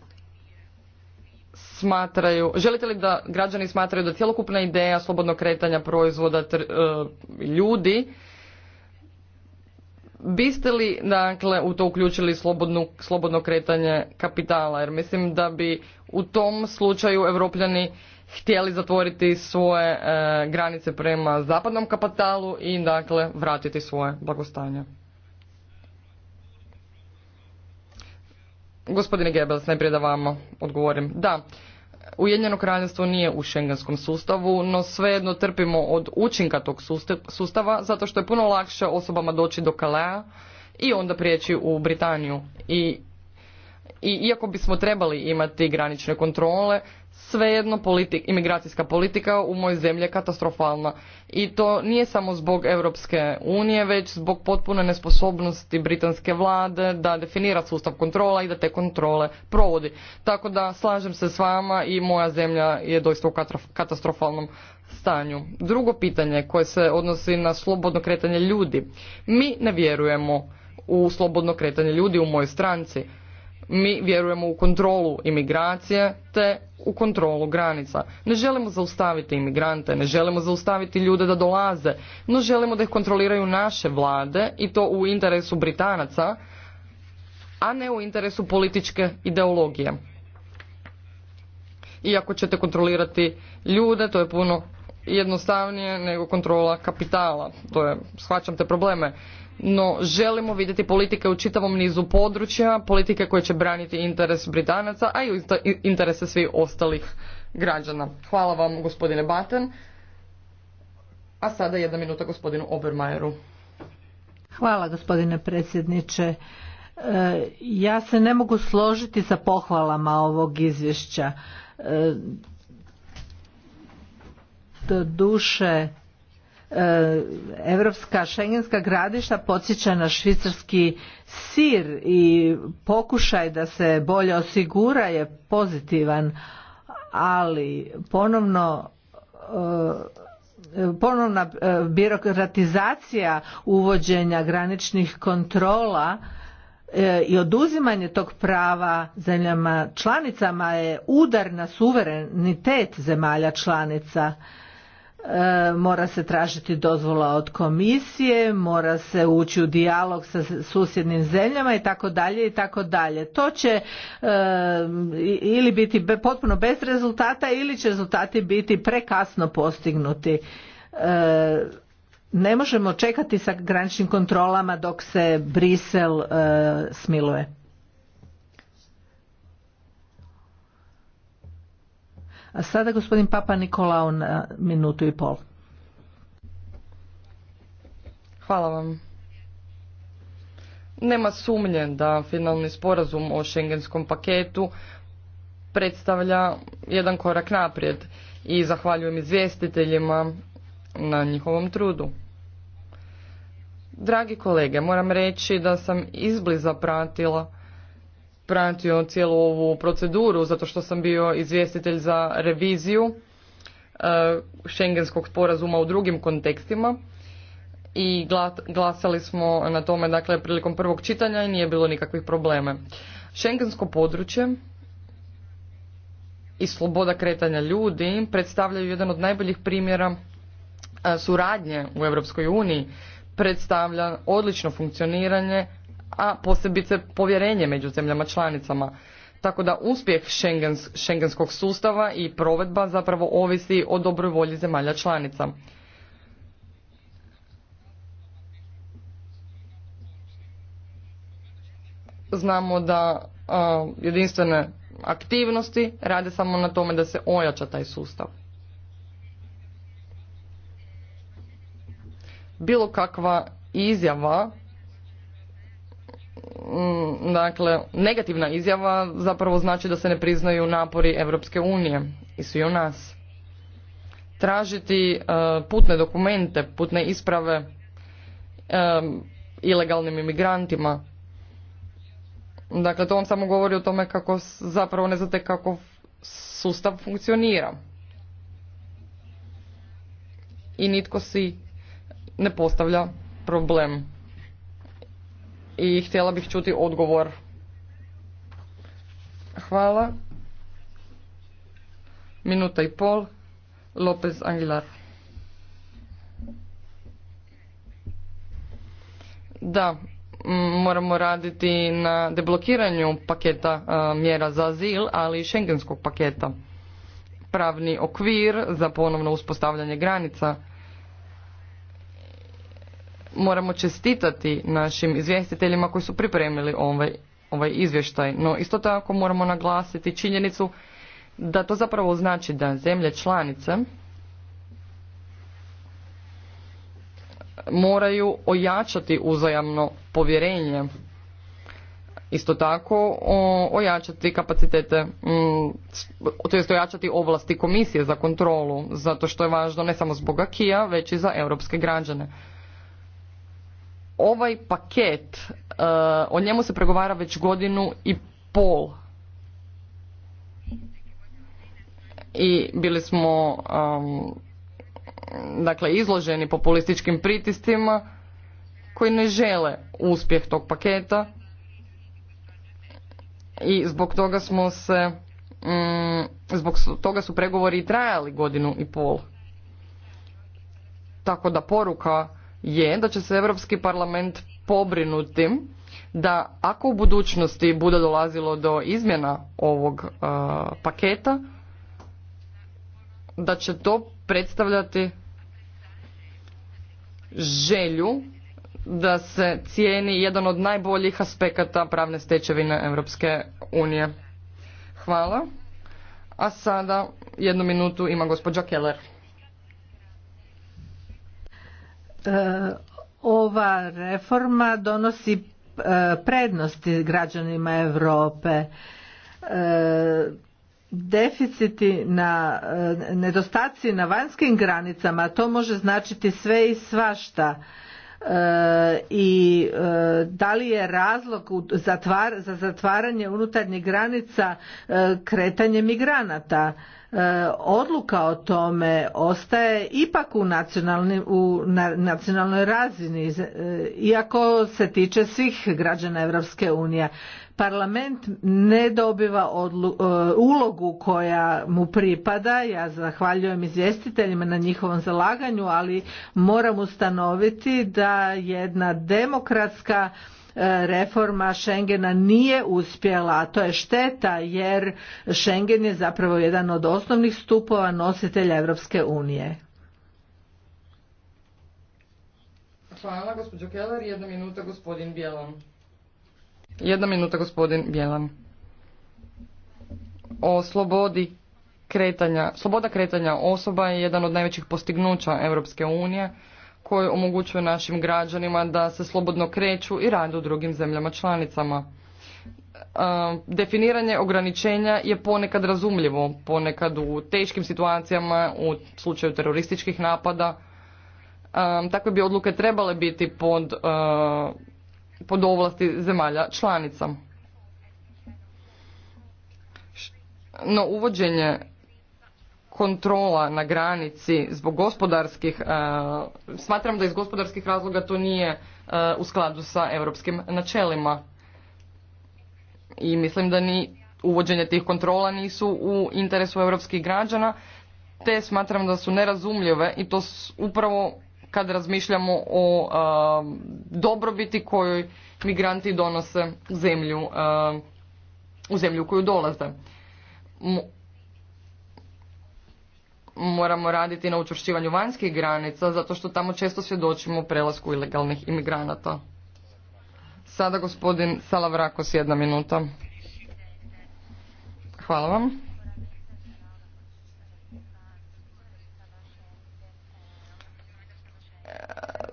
smatraju, želite li da građani smatraju da cjelokupna ideja slobodnog kretanja proizvoda e, ljudi, biste li dakle u to uključili slobodnu, slobodno kretanje kapitala? Jer mislim da bi u tom slučaju Evropljani htjeli zatvoriti svoje e, granice prema zapadnom kapitalu i dakle vratiti svoje blagostanje. Gospodine Goebbels, najprije da vama odgovorim. Da, Ujedinjeno kraljevstvo nije u šengenskom sustavu, no svejedno trpimo od učinka tog sustava, zato što je puno lakše osobama doći do Kalea i onda prijeći u Britaniju. I, i iako bismo trebali imati granične kontrole, svejedno politik, imigracijska politika u mojoj zemlji je katastrofalna. I to nije samo zbog Europske unije, već zbog potpune nesposobnosti britanske vlade da definira sustav kontrola i da te kontrole provodi. Tako da slažem se s vama i moja zemlja je doista u katastrofalnom stanju. Drugo pitanje koje se odnosi na slobodno kretanje ljudi. Mi ne vjerujemo u slobodno kretanje ljudi u mojoj stranci mi vjerujemo u kontrolu imigracije te u kontrolu granica. Ne želimo zaustaviti imigrante, ne želimo zaustaviti ljude da dolaze, no želimo da ih kontroliraju naše vlade i to u interesu Britanaca, a ne u interesu političke ideologije. Iako ćete kontrolirati ljude, to je puno jednostavnije nego kontrola kapitala. To je, shvaćam te probleme. No, želimo vidjeti politike u čitavom nizu područja, politike koje će braniti interes Britanaca, a i interese svih ostalih građana. Hvala vam, gospodine Batten. A sada jedna minuta gospodinu Obermajeru. Hvala, gospodine predsjedniče. E, ja se ne mogu složiti sa pohvalama ovog izvješća e, do duše europska šengenska gradišta podsjeća na švicarski sir i pokušaj da se bolje osigura je pozitivan ali ponovno e, ponovna e, birokratizacija uvođenja graničnih kontrola e, i oduzimanje tog prava zemljama članicama je udar na suverenitet zemalja članica E, mora se tražiti dozvola od komisije, mora se ući u dijalog sa susjednim zemljama i tako dalje i tako dalje. To će e, ili biti potpuno bez rezultata ili će rezultati biti prekasno postignuti. E, ne možemo čekati sa graničnim kontrolama dok se Brisel smiluje. A sada gospodin Papa nikolaun na minutu i pol. Hvala vam. Nema sumnje da finalni sporazum o šengenskom paketu predstavlja jedan korak naprijed i zahvaljujem izvjestiteljima na njihovom trudu. Dragi kolege, moram reći da sam izbliza pratila pratio cijelu ovu proceduru zato što sam bio izvjestitelj za reviziju e, šengenskog sporazuma u drugim kontekstima i glasali smo na tome dakle prilikom prvog čitanja i nije bilo nikakvih problema. Šengensko područje i sloboda kretanja ljudi predstavljaju jedan od najboljih primjera e, suradnje u Europskoj uniji, predstavlja odlično funkcioniranje a posebice povjerenje među zemljama članicama. Tako da uspjeh Schengenskog šengenskog sustava i provedba zapravo ovisi o dobroj volji zemalja članica. Znamo da jedinstvene aktivnosti rade samo na tome da se ojača taj sustav. Bilo kakva izjava Mm, dakle, negativna izjava zapravo znači da se ne priznaju napori Europske unije i svi nas. Tražiti e, putne dokumente, putne isprave e, ilegalnim imigrantima. Dakle, to on samo govori o tome kako zapravo ne znate kako sustav funkcionira. I nitko si ne postavlja problem i htjela bih čuti odgovor. Hvala. Minuta i pol. Lopez Aguilar. Da, moramo raditi na deblokiranju paketa mjera za azil, ali i šengenskog paketa. Pravni okvir za ponovno uspostavljanje granica moramo čestitati našim izvjestiteljima koji su pripremili ovaj, ovaj izvještaj, no isto tako moramo naglasiti činjenicu da to zapravo znači da zemlje članice moraju ojačati uzajamno povjerenje. Isto tako ojačati kapacitete, mm, to jest ojačati ovlasti komisije za kontrolu, zato što je važno ne samo zbog Akija, već i za europske građane ovaj paket, eh, o njemu se pregovara već godinu i pol. I bili smo dakle izloženi populističkim pritiscima koji ne žele uspjeh tog paketa i zbog toga smo se mm, zbog toga su pregovori i trajali godinu i pol. Tako da poruka je da će se Europski parlament pobrinuti da ako u budućnosti bude dolazilo do izmjena ovog uh, paketa, da će to predstavljati želju da se cijeni jedan od najboljih aspekata pravne stečevine Europske unije. Hvala. A sada jednu minutu ima gospođa Keller. E, ova reforma donosi e, prednosti građanima Europe. E, deficiti na nedostaci na vanjskim granicama, to može značiti sve i svašta. I da li je razlog za zatvaranje unutarnjih granica kretanje migranata? E, odluka o tome ostaje ipak u, nacionalnoj razini e, iako se tiče svih građana Europske unije parlament ne dobiva e, ulogu koja mu pripada ja zahvaljujem izvjestiteljima na njihovom zalaganju ali moram ustanoviti da jedna demokratska E, reforma Schengena nije uspjela, a to je šteta jer Schengen je zapravo jedan od osnovnih stupova nositelja Europske unije. Hvala, gospođo Keller. Jedna minuta, gospodin Bjelan. Jedna minuta, gospodin Bjelan. O slobodi kretanja, sloboda kretanja osoba je jedan od najvećih postignuća Europske unije koji omogućuje našim građanima da se slobodno kreću i rade u drugim zemljama članicama. E, definiranje ograničenja je ponekad razumljivo, ponekad u teškim situacijama, u slučaju terorističkih napada. E, takve bi odluke trebale biti pod, e, pod ovlasti zemalja članica. No uvođenje kontrola na granici zbog gospodarskih, e, smatram da iz gospodarskih razloga to nije e, u skladu sa europskim načelima. I mislim da ni uvođenje tih kontrola nisu u interesu europskih građana, te smatram da su nerazumljive i to upravo kad razmišljamo o e, dobrobiti kojoj migranti donose zemlju, u zemlju koju dolaze moramo raditi na učvršćivanju vanjskih granica, zato što tamo često svjedočimo prelasku ilegalnih imigranata. Sada gospodin Salavrakos, jedna minuta. Hvala vam.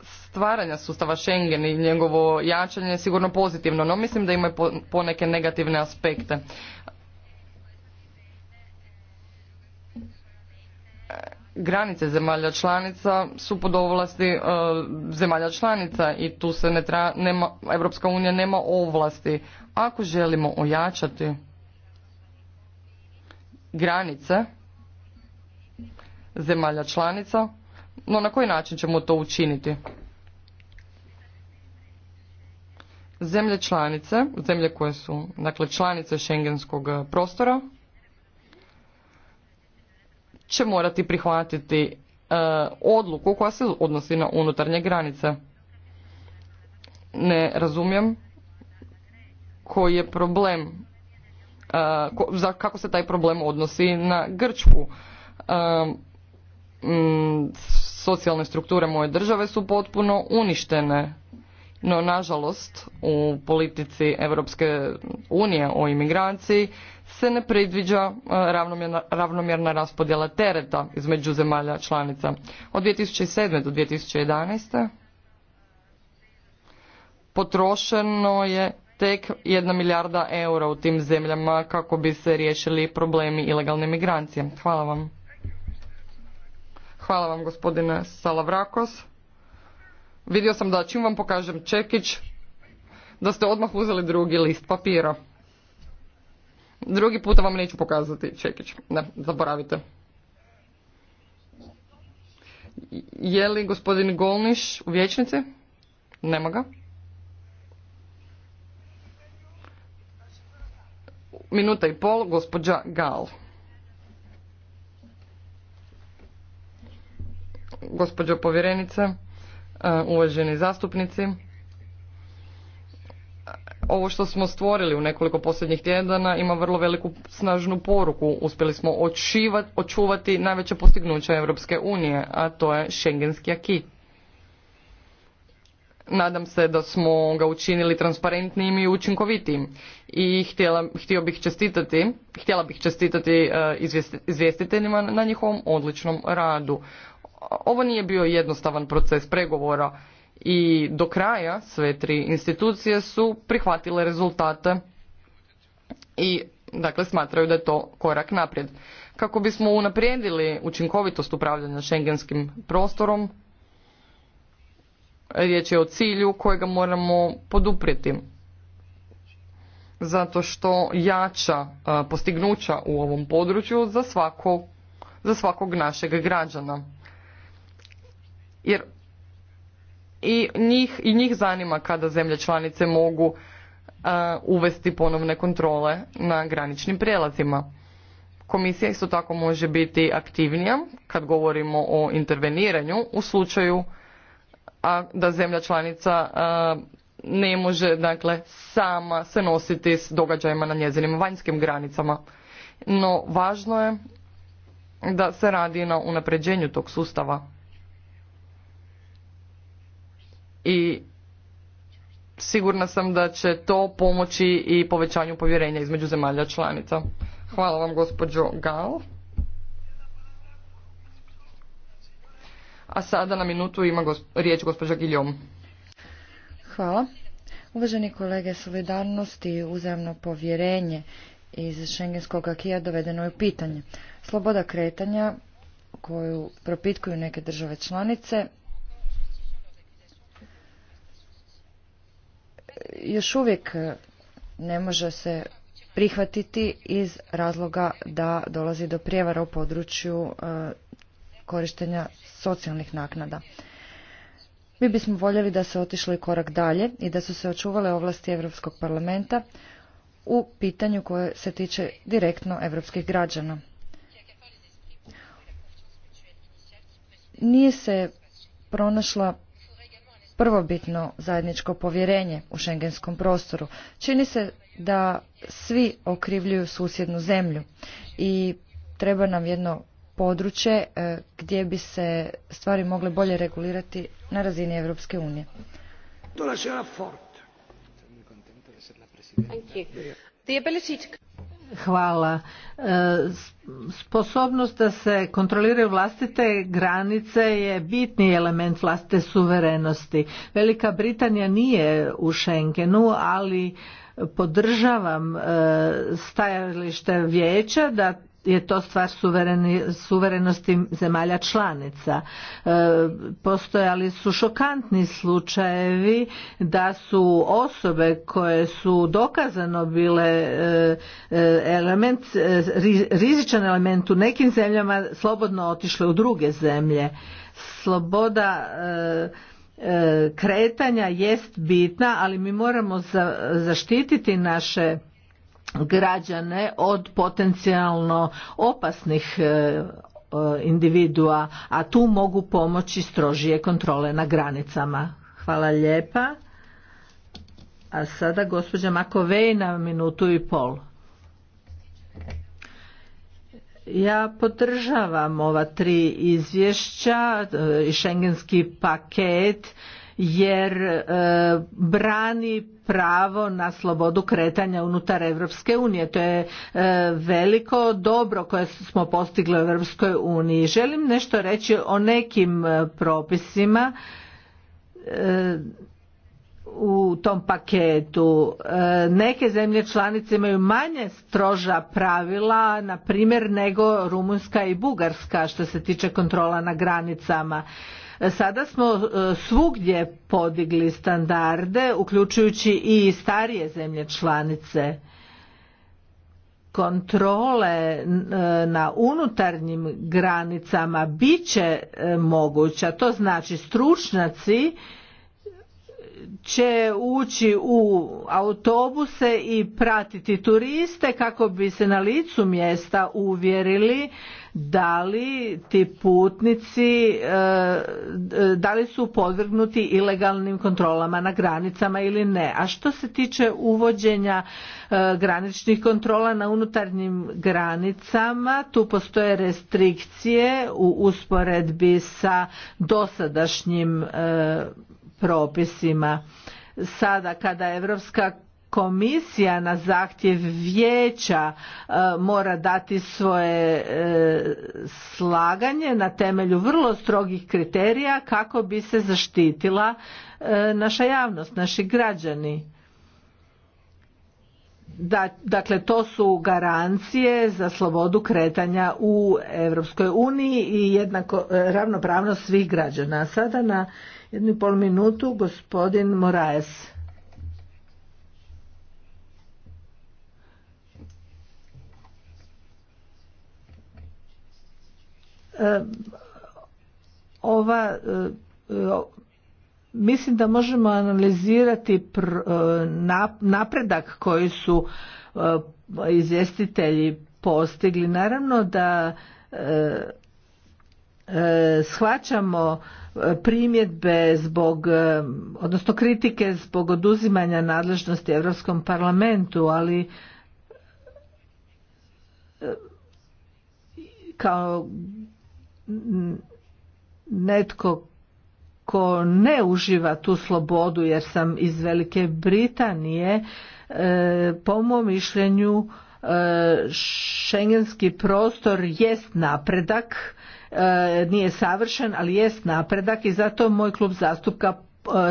Stvaranja sustava Schengen i njegovo jačanje je sigurno pozitivno, no mislim da ima poneke negativne aspekte. granice zemalja članica su pod ovlasti e, zemalja članica i tu se ne nema, Evropska unija nema ovlasti. Ako želimo ojačati granice zemalja članica, no na koji način ćemo to učiniti? Zemlje članice, zemlje koje su dakle, članice šengenskog prostora, će morati prihvatiti e, odluku koja se odnosi na unutarnje granice. Ne razumijem koji je problem, e, za kako se taj problem odnosi na Grčku. E, socijalne strukture moje države su potpuno uništene. No, nažalost, u politici Europske unije o imigranciji se ne predviđa e, ravnomjerna, raspodjela tereta između zemalja članica. Od 2007. do 2011. potrošeno je tek jedna milijarda eura u tim zemljama kako bi se riješili problemi ilegalne migrancije. Hvala vam. Hvala vam gospodine Salavrakos. Vidio sam da čim vam pokažem čekić, da ste odmah uzeli drugi list papira. Drugi puta vam neću pokazati čekić. Ne, zaboravite. Je li gospodin Golniš u vječnici? Nema ga. Minuta i pol, gospođa Gal. Gospođo povjerenice, e, uvaženi zastupnici, ovo što smo stvorili u nekoliko posljednjih tjedana ima vrlo veliku snažnu poruku. Uspjeli smo očuvati najveće postignuće Europske unije, a to je šengenski aki. Nadam se da smo ga učinili transparentnim i učinkovitim. I htjela, htio bih čestitati, htjela bih čestitati e, izvjestiteljima na njihovom odličnom radu. Ovo nije bio jednostavan proces pregovora i do kraja sve tri institucije su prihvatile rezultate i dakle smatraju da je to korak naprijed. Kako bismo unaprijedili učinkovitost upravljanja šengenskim prostorom, riječ je o cilju kojega moramo poduprijeti. Zato što jača e, postignuća u ovom području za, za svakog našeg građana. Jer i njih, i njih zanima kada zemlje članice mogu uh, uvesti ponovne kontrole na graničnim prijelazima. Komisija isto tako može biti aktivnija kad govorimo o interveniranju u slučaju a da zemlja članica uh, ne može dakle sama se nositi s događajima na njezinim vanjskim granicama. No važno je da se radi na unapređenju tog sustava. i sigurna sam da će to pomoći i povećanju povjerenja između zemalja članica. Hvala vam gospođo Gal. A sada na minutu ima riječ gospođa Giljom. Hvala. Uvaženi kolege, solidarnost i uzajamno povjerenje iz šengenskog akija dovedeno je u pitanje. Sloboda kretanja koju propitkuju neke države članice još uvijek e, ne može se prihvatiti iz razloga da dolazi do prijevara u području e, korištenja socijalnih naknada. Mi bismo voljeli da se i korak dalje i da su se očuvale ovlasti Europskog parlamenta u pitanju koje se tiče direktno europskih građana. Nije se pronašla prvobitno zajedničko povjerenje u šengenskom prostoru. Čini se da svi okrivljuju susjednu zemlju i treba nam jedno područje e, gdje bi se stvari mogle bolje regulirati na razini Europske unije. Thank you. The ability Hvala. E, sposobnost da se kontroliraju vlastite granice je bitni element vlastite suverenosti. Velika Britanija nije u Schengenu, ali podržavam e, stajalište vijeća da je to stvar suverenosti zemalja članica. E, postojali su šokantni slučajevi da su osobe koje su dokazano bile e, e, element, rizičan element u nekim zemljama slobodno otišle u druge zemlje. Sloboda kretanja jest bitna, ali mi moramo zaštititi naše građane od potencijalno opasnih e, e, individua, a tu mogu pomoći strožije kontrole na granicama. Hvala lijepa. A sada gospođa Makovej na minutu i pol. Ja podržavam ova tri izvješća e, i šengenski paket jer e, brani pravo na slobodu kretanja unutar Europske unije. To je e, veliko dobro koje smo postigli u Europskoj uniji. Želim nešto reći o nekim e, propisima u tom paketu. Neke zemlje članice imaju manje stroža pravila, na primjer, nego Rumunjska i Bugarska što se tiče kontrola na granicama. Sada smo e, svugdje podigli standarde, uključujući i starije zemlje članice. Kontrole e, na unutarnjim granicama bit će e, moguća, to znači stručnjaci će ući u autobuse i pratiti turiste kako bi se na licu mjesta uvjerili da li ti putnici e, da li su podvrgnuti ilegalnim kontrolama na granicama ili ne. A što se tiče uvođenja e, graničnih kontrola na unutarnjim granicama, tu postoje restrikcije u usporedbi sa dosadašnjim e, propisima. Sada kada Europska komisija na zahtjev vijeća e, mora dati svoje e, slaganje na temelju vrlo strogih kriterija kako bi se zaštitila e, naša javnost, naši građani. Da, dakle, to su garancije za slobodu kretanja u Europskoj uniji i jednako ravnopravnost svih građana. Sada na jednu pol minutu gospodin Moraes. E, ova e, mislim da možemo analizirati e, napredak koji su izvjestitelji postigli. Naravno da E, shvaćamo e, primjedbe zbog e, odnosno kritike zbog oduzimanja nadležnosti Europskom parlamentu, ali kao netko ko ne uživa tu slobodu jer sam iz Velike Britanije po mom mišljenju šengenski prostor jest napredak E, nije savršen, ali jest napredak i zato moj klub zastupka,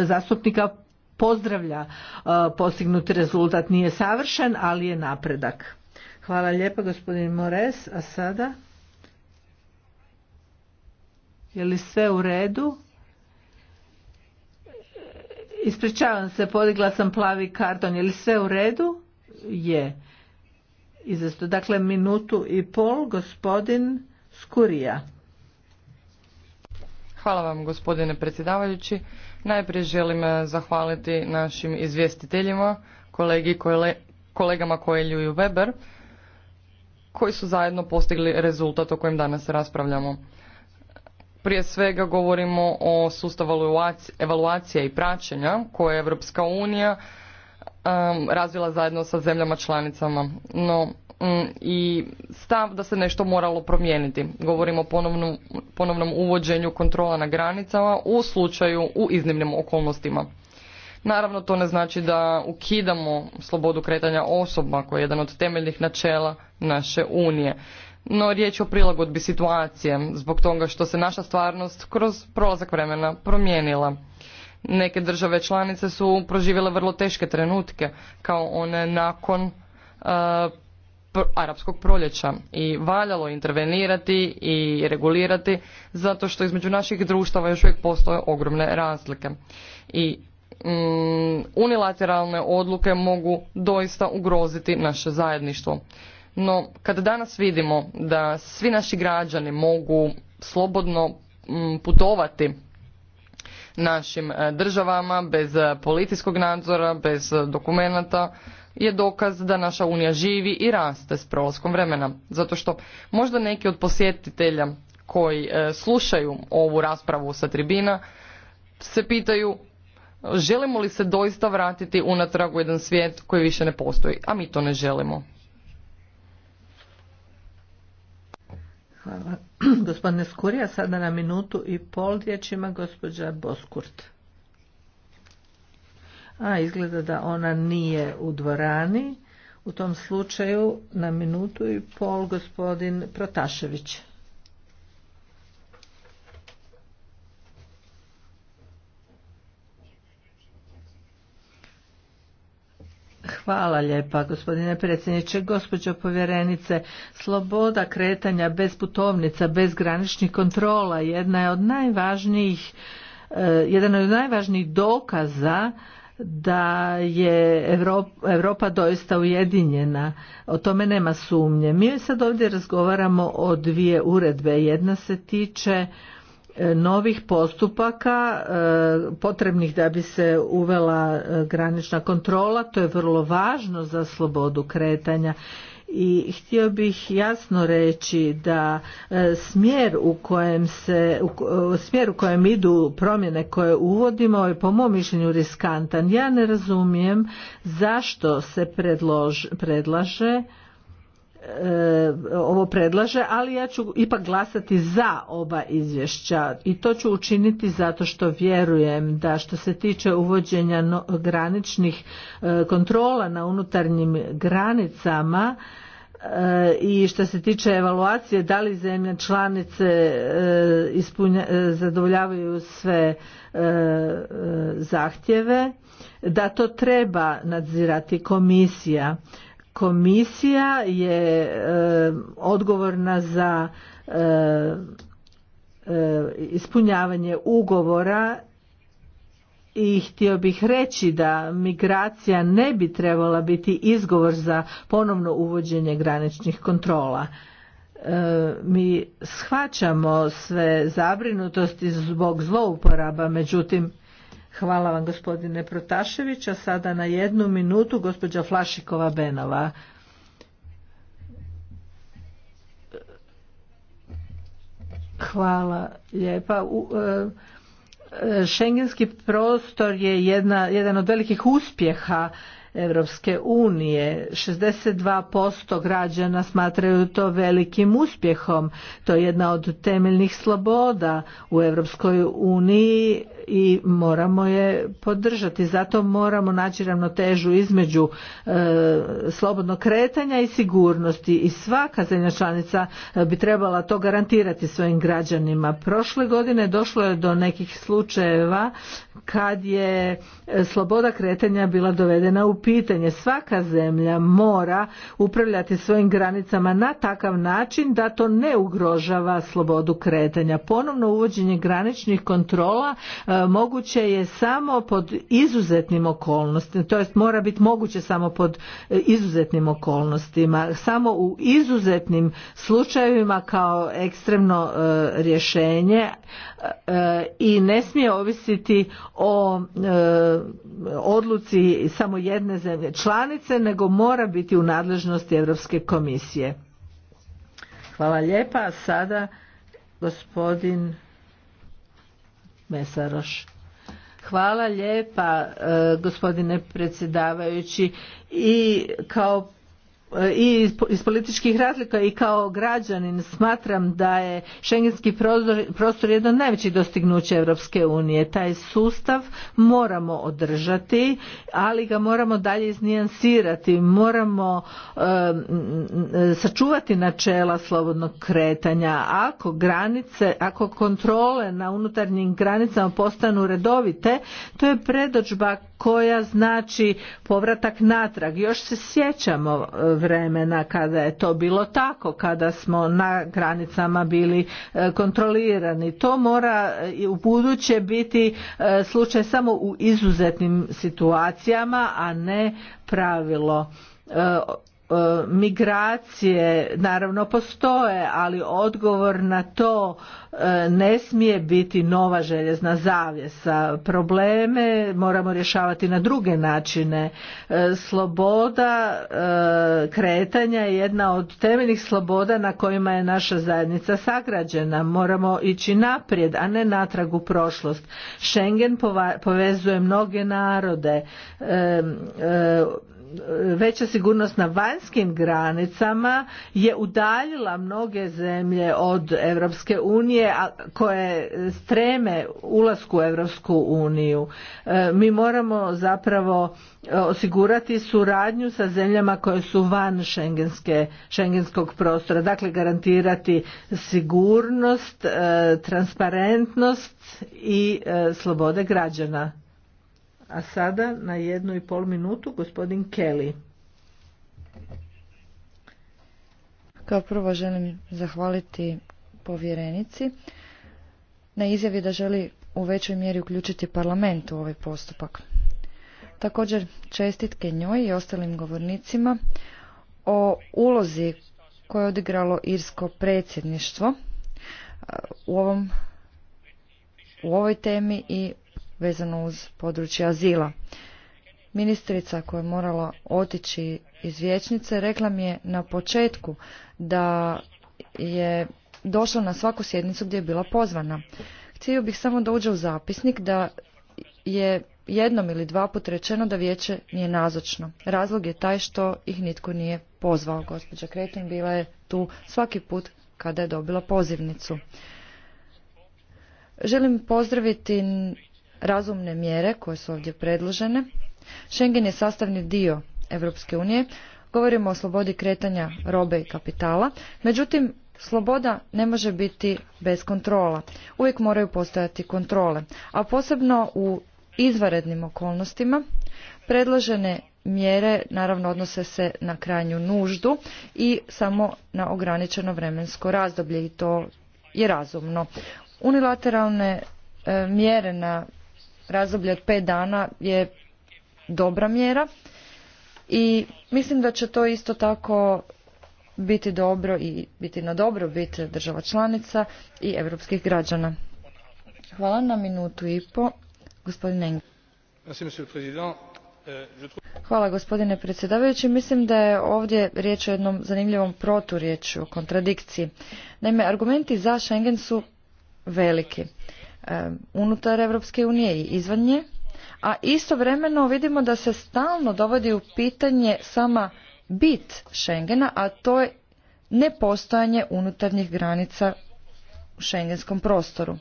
e, zastupnika pozdravlja e, postignuti rezultat. Nije savršen, ali je napredak. Hvala lijepa gospodin Mores. A sada? Je li sve u redu? Ispričavam se, podigla sam plavi karton. Je li sve u redu? Je. dakle, minutu i pol, gospodin Skurija. Hvala vam gospodine predsjedavajući. Najprije želim e, zahvaliti našim izvjestiteljima, kolegi kolegama Koelju i Weber, koji su zajedno postigli rezultat o kojem danas raspravljamo. Prije svega govorimo o sustavu evaluacije i praćenja koje je Europska unija e, razvila zajedno sa zemljama članicama. No, Mm, i stav da se nešto moralo promijeniti. Govorimo o ponovnom, ponovnom uvođenju kontrola na granicama u slučaju u iznimnim okolnostima. Naravno, to ne znači da ukidamo slobodu kretanja osoba koja je jedan od temeljnih načela naše unije. No, riječ je o prilagodbi situacije zbog toga što se naša stvarnost kroz prolazak vremena promijenila. Neke države članice su proživjele vrlo teške trenutke kao one nakon arapskog proljeća i valjalo intervenirati i regulirati zato što između naših društava još uvijek postoje ogromne razlike. I mm, unilateralne odluke mogu doista ugroziti naše zajedništvo. No, kada danas vidimo da svi naši građani mogu slobodno mm, putovati našim e, državama bez e, policijskog nadzora, bez e, dokumenata, je dokaz da naša unija živi i raste s prolaskom vremena zato što možda neki od posjetitelja koji e, slušaju ovu raspravu sa tribina se pitaju želimo li se doista vratiti unatrag u jedan svijet koji više ne postoji a mi to ne želimo Hvala. Gospodine Skurija, sada na minutu i pol riječima gospođa Boskurt a izgleda da ona nije u dvorani. U tom slučaju na minutu i pol gospodin Protašević. Hvala lijepa gospodine predsjedniče, gospođo povjerenice. Sloboda kretanja bez putovnica, bez graničnih kontrola jedna je od najvažnijih, eh, jedan od najvažnijih dokaza da je Europa doista ujedinjena. O tome nema sumnje. Mi sad ovdje razgovaramo o dvije uredbe. Jedna se tiče e, novih postupaka e, potrebnih da bi se uvela e, granična kontrola. To je vrlo važno za slobodu kretanja i htio bih jasno reći da e, smjer u kojem se e, smjer u kojem idu promjene koje uvodimo je po mom mišljenju riskantan ja ne razumijem zašto se predlaže ovo predlaže, ali ja ću ipak glasati za oba izvješća i to ću učiniti zato što vjerujem da što se tiče uvođenja graničnih e, kontrola na unutarnjim granicama e, i što se tiče evaluacije da li zemlje članice e, zadovoljavaju sve zahtjeve da to treba nadzirati komisija komisija je odgovorna za e, ispunjavanje ugovora i htio bih reći da migracija ne bi trebala biti izgovor za ponovno uvođenje graničnih kontrola. E, mi shvaćamo sve zabrinutosti zbog zlouporaba, međutim Hvala vam gospodine Protašević, a sada na jednu minutu gospođa Flašikova Benova. Hvala lijepa. šengenski e, e, prostor je jedan od velikih uspjeha Europske unije. 62% građana smatraju to velikim uspjehom. To je jedna od temeljnih sloboda u Europskoj uniji i moramo je podržati. Zato moramo naći ravnotežu između e, slobodnog kretanja i sigurnosti i svaka zemlja članica e, bi trebala to garantirati svojim građanima. Prošle godine došlo je do nekih slučajeva kad je e, sloboda kretanja bila dovedena u pitanje. Svaka zemlja mora upravljati svojim granicama na takav način da to ne ugrožava slobodu kretanja. Ponovno uvođenje graničnih kontrola e, moguće je samo pod izuzetnim okolnostima, to jest mora biti moguće samo pod e, izuzetnim okolnostima, samo u izuzetnim slučajevima kao ekstremno e, rješenje i ne smije ovisiti o odluci samo jedne zemlje članice, nego mora biti u nadležnosti Europske komisije. Hvala lijepa. A sada gospodin Mesaroš. Hvala lijepa e, gospodine predsjedavajući i kao i iz političkih razlika i kao građanin smatram da je šengenski prostor, jedan jedno od najvećih dostignuća Europske unije. Taj sustav moramo održati, ali ga moramo dalje iznijansirati. Moramo sačuvati načela slobodnog kretanja. Ako granice, ako kontrole na unutarnjim granicama postanu redovite, to je predođba koja znači povratak natrag. Još se sjećamo e, vremena kada je to bilo tako, kada smo na granicama bili e, kontrolirani. To mora e, u buduće biti slučaj samo u izuzetnim situacijama, a ne pravilo E, migracije naravno postoje ali odgovor na to e, ne smije biti nova željezna zavjesa probleme moramo rješavati na druge načine e, sloboda kretanja je jedna od temeljnih sloboda na kojima je naša zajednica sagrađena moramo ići naprijed a ne natrag u prošlost schengen povezuje mnoge narode veća sigurnost na vanjskim granicama je udaljila mnoge zemlje od Europske unije koje streme ulasku u Europsku uniju. E, mi moramo zapravo e, osigurati suradnju sa zemljama koje su van šengenskog prostora, dakle garantirati sigurnost, e, transparentnost i slobode građana. A sada na jednu i pol minutu gospodin Kelly. Kao prvo želim zahvaliti povjerenici na izjavi da želi u većoj mjeri uključiti parlament u ovaj postupak. Također čestitke njoj i ostalim govornicima o ulozi koje je odigralo irsko predsjedništvo u ovom u ovoj temi i vezano uz područje azila. Ministrica koja je morala otići iz vječnice rekla mi je na početku da je došla na svaku sjednicu gdje je bila pozvana. Htio bih samo da uđe u zapisnik da je jednom ili dva put rečeno da vijeće nije nazočno. Razlog je taj što ih nitko nije pozvao. Gospođa Kretin bila je tu svaki put kada je dobila pozivnicu. Želim pozdraviti razumne mjere koje su ovdje predložene. Schengen je sastavni dio Europske unije. Govorimo o slobodi kretanja robe i kapitala. Međutim, sloboda ne može biti bez kontrola. Uvijek moraju postojati kontrole. A posebno u izvanrednim okolnostima predložene mjere naravno odnose se na krajnju nuždu i samo na ograničeno vremensko razdoblje i to je razumno. Unilateralne e, mjere na razdoblje od pet dana je dobra mjera i mislim da će to isto tako biti dobro i biti na dobro biti država članica i europskih građana. Hvala na minutu i po. Gospodin Engel. Euh, Hvala gospodine predsjedavajući. Mislim da je ovdje riječ o jednom zanimljivom proturječju, kontradikciji. Naime, argumenti za Schengen su veliki unutar Europske unije i izvan nje, a istovremeno vidimo da se stalno dovodi u pitanje sama bit Schengena, a to je nepostojanje unutarnjih granica u šengenskom prostoru.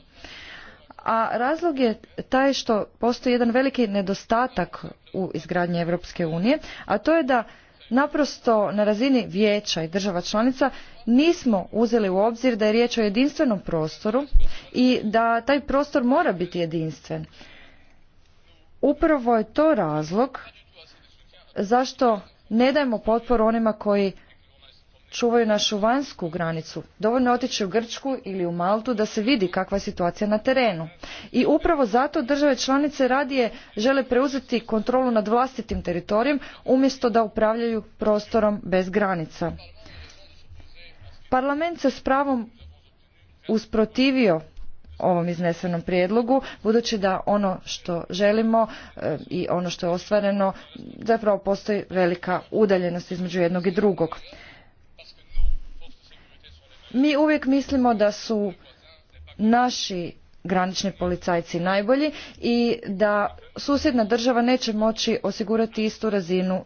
A razlog je taj što postoji jedan veliki nedostatak u izgradnji Europske unije, a to je da naprosto na razini vijeća i država članica nismo uzeli u obzir da je riječ o jedinstvenom prostoru i da taj prostor mora biti jedinstven. Upravo je to razlog zašto ne dajemo potporu onima koji čuvaju našu vanjsku granicu. Dovoljno otići u Grčku ili u Maltu da se vidi kakva je situacija na terenu. I upravo zato države članice radije žele preuzeti kontrolu nad vlastitim teritorijem umjesto da upravljaju prostorom bez granica. Parlament se s pravom usprotivio ovom iznesenom prijedlogu, budući da ono što želimo e, i ono što je ostvareno, zapravo postoji velika udaljenost između jednog i drugog. Mi uvijek mislimo da su naši granični policajci najbolji i da susjedna država neće moći osigurati istu razinu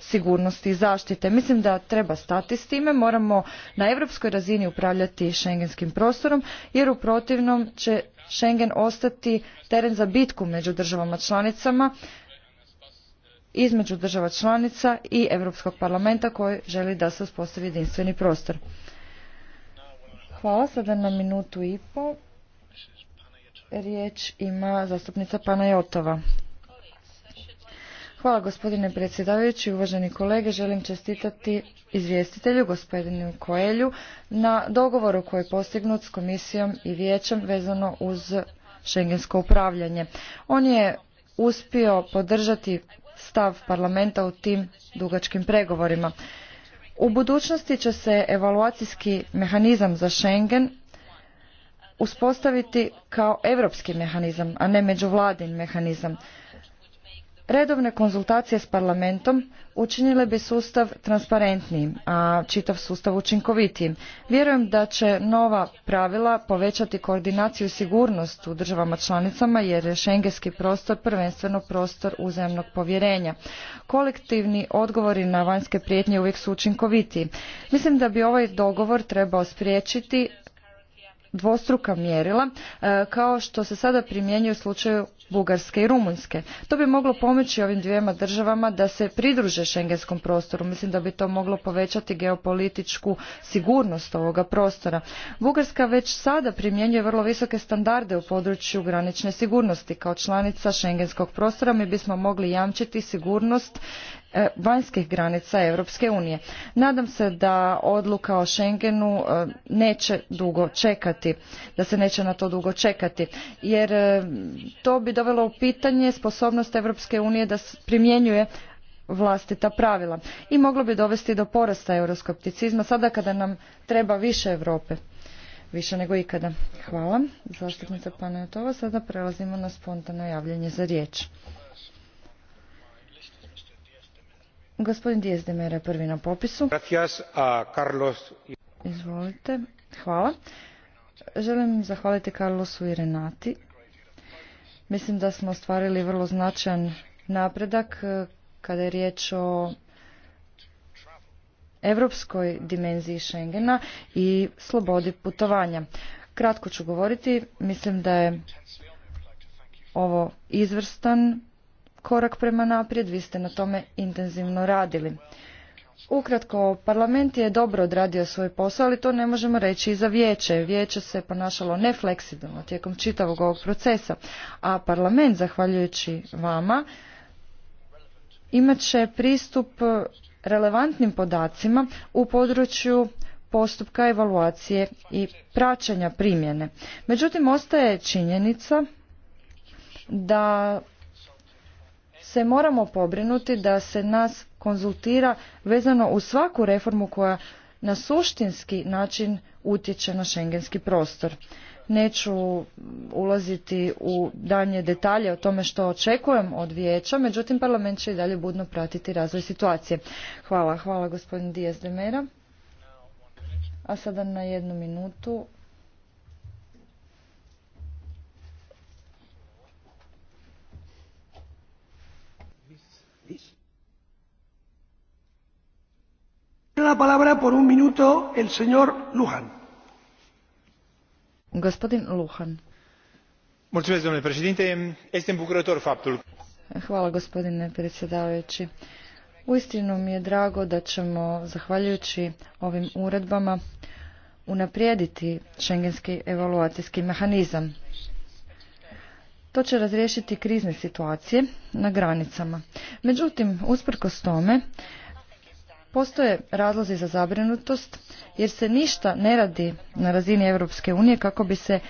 sigurnosti i zaštite. Mislim da treba stati s time, moramo na europskoj razini upravljati šengenskim prostorom jer u protivnom će Schengen ostati teren za bitku među državama članicama između država članica i Europskog parlamenta koji želi da se uspostavi jedinstveni prostor. Hvala sada na minutu i po. Riječ ima zastupnica Pana Jotova. Hvala gospodine predsjedavajući, uvaženi kolege, želim čestitati izvjestitelju gospodinu Koelju na dogovoru koji je postignut s komisijom i vijećem vezano uz šengensko upravljanje. On je uspio podržati stav parlamenta u tim dugačkim pregovorima. U budućnosti će se evaluacijski mehanizam za Schengen uspostaviti kao europski mehanizam, a ne međuvladin mehanizam. Redovne konzultacije s parlamentom učinile bi sustav transparentnijim, a čitav sustav učinkovitijim. Vjerujem da će nova pravila povećati koordinaciju i sigurnost u državama članicama jer je šengenski prostor prvenstveno prostor uzajamnog povjerenja. Kolektivni odgovori na vanjske prijetnje uvijek su učinkovitiji. Mislim da bi ovaj dogovor trebao spriječiti dvostruka mjerila e, kao što se sada primjenjuje u slučaju Bugarske i Rumunjske. To bi moglo pomoći ovim dvijema državama da se pridruže šengenskom prostoru. Mislim da bi to moglo povećati geopolitičku sigurnost ovoga prostora. Bugarska već sada primjenjuje vrlo visoke standarde u području granične sigurnosti. Kao članica šengenskog prostora mi bismo mogli jamčiti sigurnost e, vanjskih granica Europske unije. Nadam se da odluka o Schengenu e, neće dugo čekati da se neće na to dugo čekati jer e, to bi dovelo u pitanje sposobnost Europske unije da primjenjuje vlastita pravila i moglo bi dovesti do porasta euroskopticizma sada kada nam treba više Europe više nego ikada. Hvala. Zaštitnica Panajotova. Sada prelazimo na spontano javljanje za riječ. Gospodin Dijezdemer je prvi na popisu. Izvolite. Hvala. Želim zahvaliti Carlosu i Renati. Mislim da smo ostvarili vrlo značajan napredak eh, kada je riječ o europskoj dimenziji Schengena i slobodi putovanja. Kratko ću govoriti, mislim da je ovo izvrstan korak prema naprijed, vi ste na tome intenzivno radili. Ukratko, parlament je dobro odradio svoj posao, ali to ne možemo reći i za vijeće. Vijeće se ponašalo nefleksibilno tijekom čitavog ovog procesa, a parlament, zahvaljujući vama, imat će pristup relevantnim podacima u području postupka evaluacije i praćenja primjene. Međutim, ostaje činjenica da se moramo pobrinuti da se nas konzultira vezano u svaku reformu koja na suštinski način utječe na šengenski prostor. Neću ulaziti u danje detalje o tome što očekujem od vijeća, međutim parlament će i dalje budno pratiti razvoj situacije. Hvala, hvala gospodin de Mera. A sada na jednu minutu Hvala, gospodine predsjedavajući. Uistinu mi je drago da ćemo, zahvaljujući ovim uredbama, unaprijediti Schengenski evaluacijski mehanizam. To će razriješiti krizne situacije na granicama. Međutim, usprkos tome, Postoje razlozi za zabrinutost jer se ništa ne radi na razini Europske unije kako bi se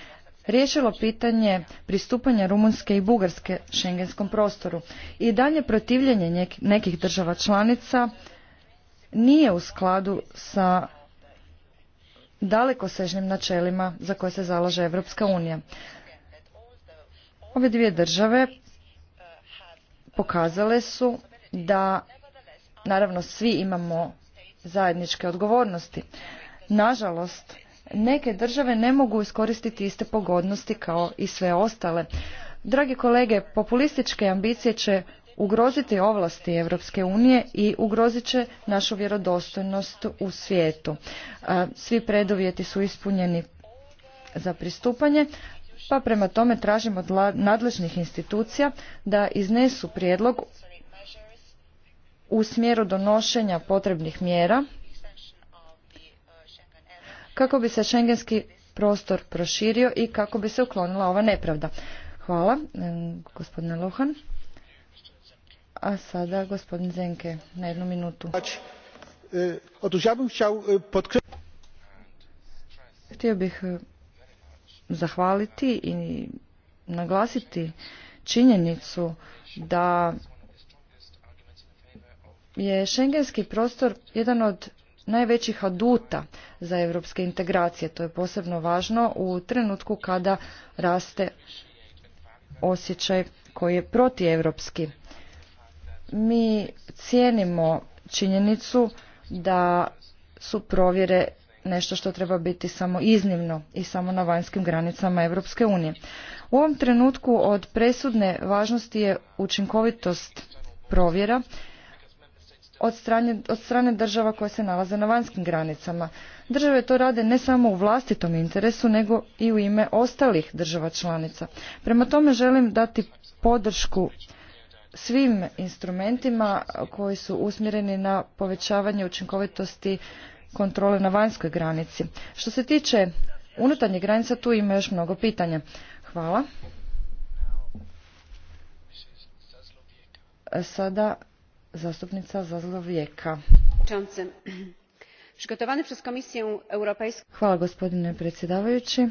riješilo pitanje pristupanja Rumunjske i Bugarske šengenskom prostoru. I dalje protivljenje nekih država članica nije u skladu sa dalekosežnim načelima za koje se zalaže Europska unija. Ove dvije države pokazale su da naravno svi imamo zajedničke odgovornosti. Nažalost, neke države ne mogu iskoristiti iste pogodnosti kao i sve ostale. Dragi kolege, populističke ambicije će ugroziti ovlasti Europske unije i ugrozit će našu vjerodostojnost u svijetu. E, svi preduvjeti su ispunjeni za pristupanje, pa prema tome tražimo od nadležnih institucija da iznesu prijedlog u smjeru donošenja potrebnih mjera kako bi se šengenski prostor proširio i kako bi se uklonila ova nepravda. Hvala, gospodine Lohan. A sada gospodin Zenke, na jednu minutu. E, Htio bih e, zahvaliti i naglasiti činjenicu da je šengenski prostor jedan od najvećih aduta za europske integracije. To je posebno važno u trenutku kada raste osjećaj koji je protievropski. Mi cijenimo činjenicu da su provjere nešto što treba biti samo iznimno i samo na vanjskim granicama Europske unije. U ovom trenutku od presudne važnosti je učinkovitost provjera od strane, država koje se nalaze na vanjskim granicama. Države to rade ne samo u vlastitom interesu, nego i u ime ostalih država članica. Prema tome želim dati podršku svim instrumentima koji su usmjereni na povećavanje učinkovitosti kontrole na vanjskoj granici. Što se tiče unutarnjih granica, tu ima još mnogo pitanja. Hvala. Sada Hvala gospodine predsjedavajući.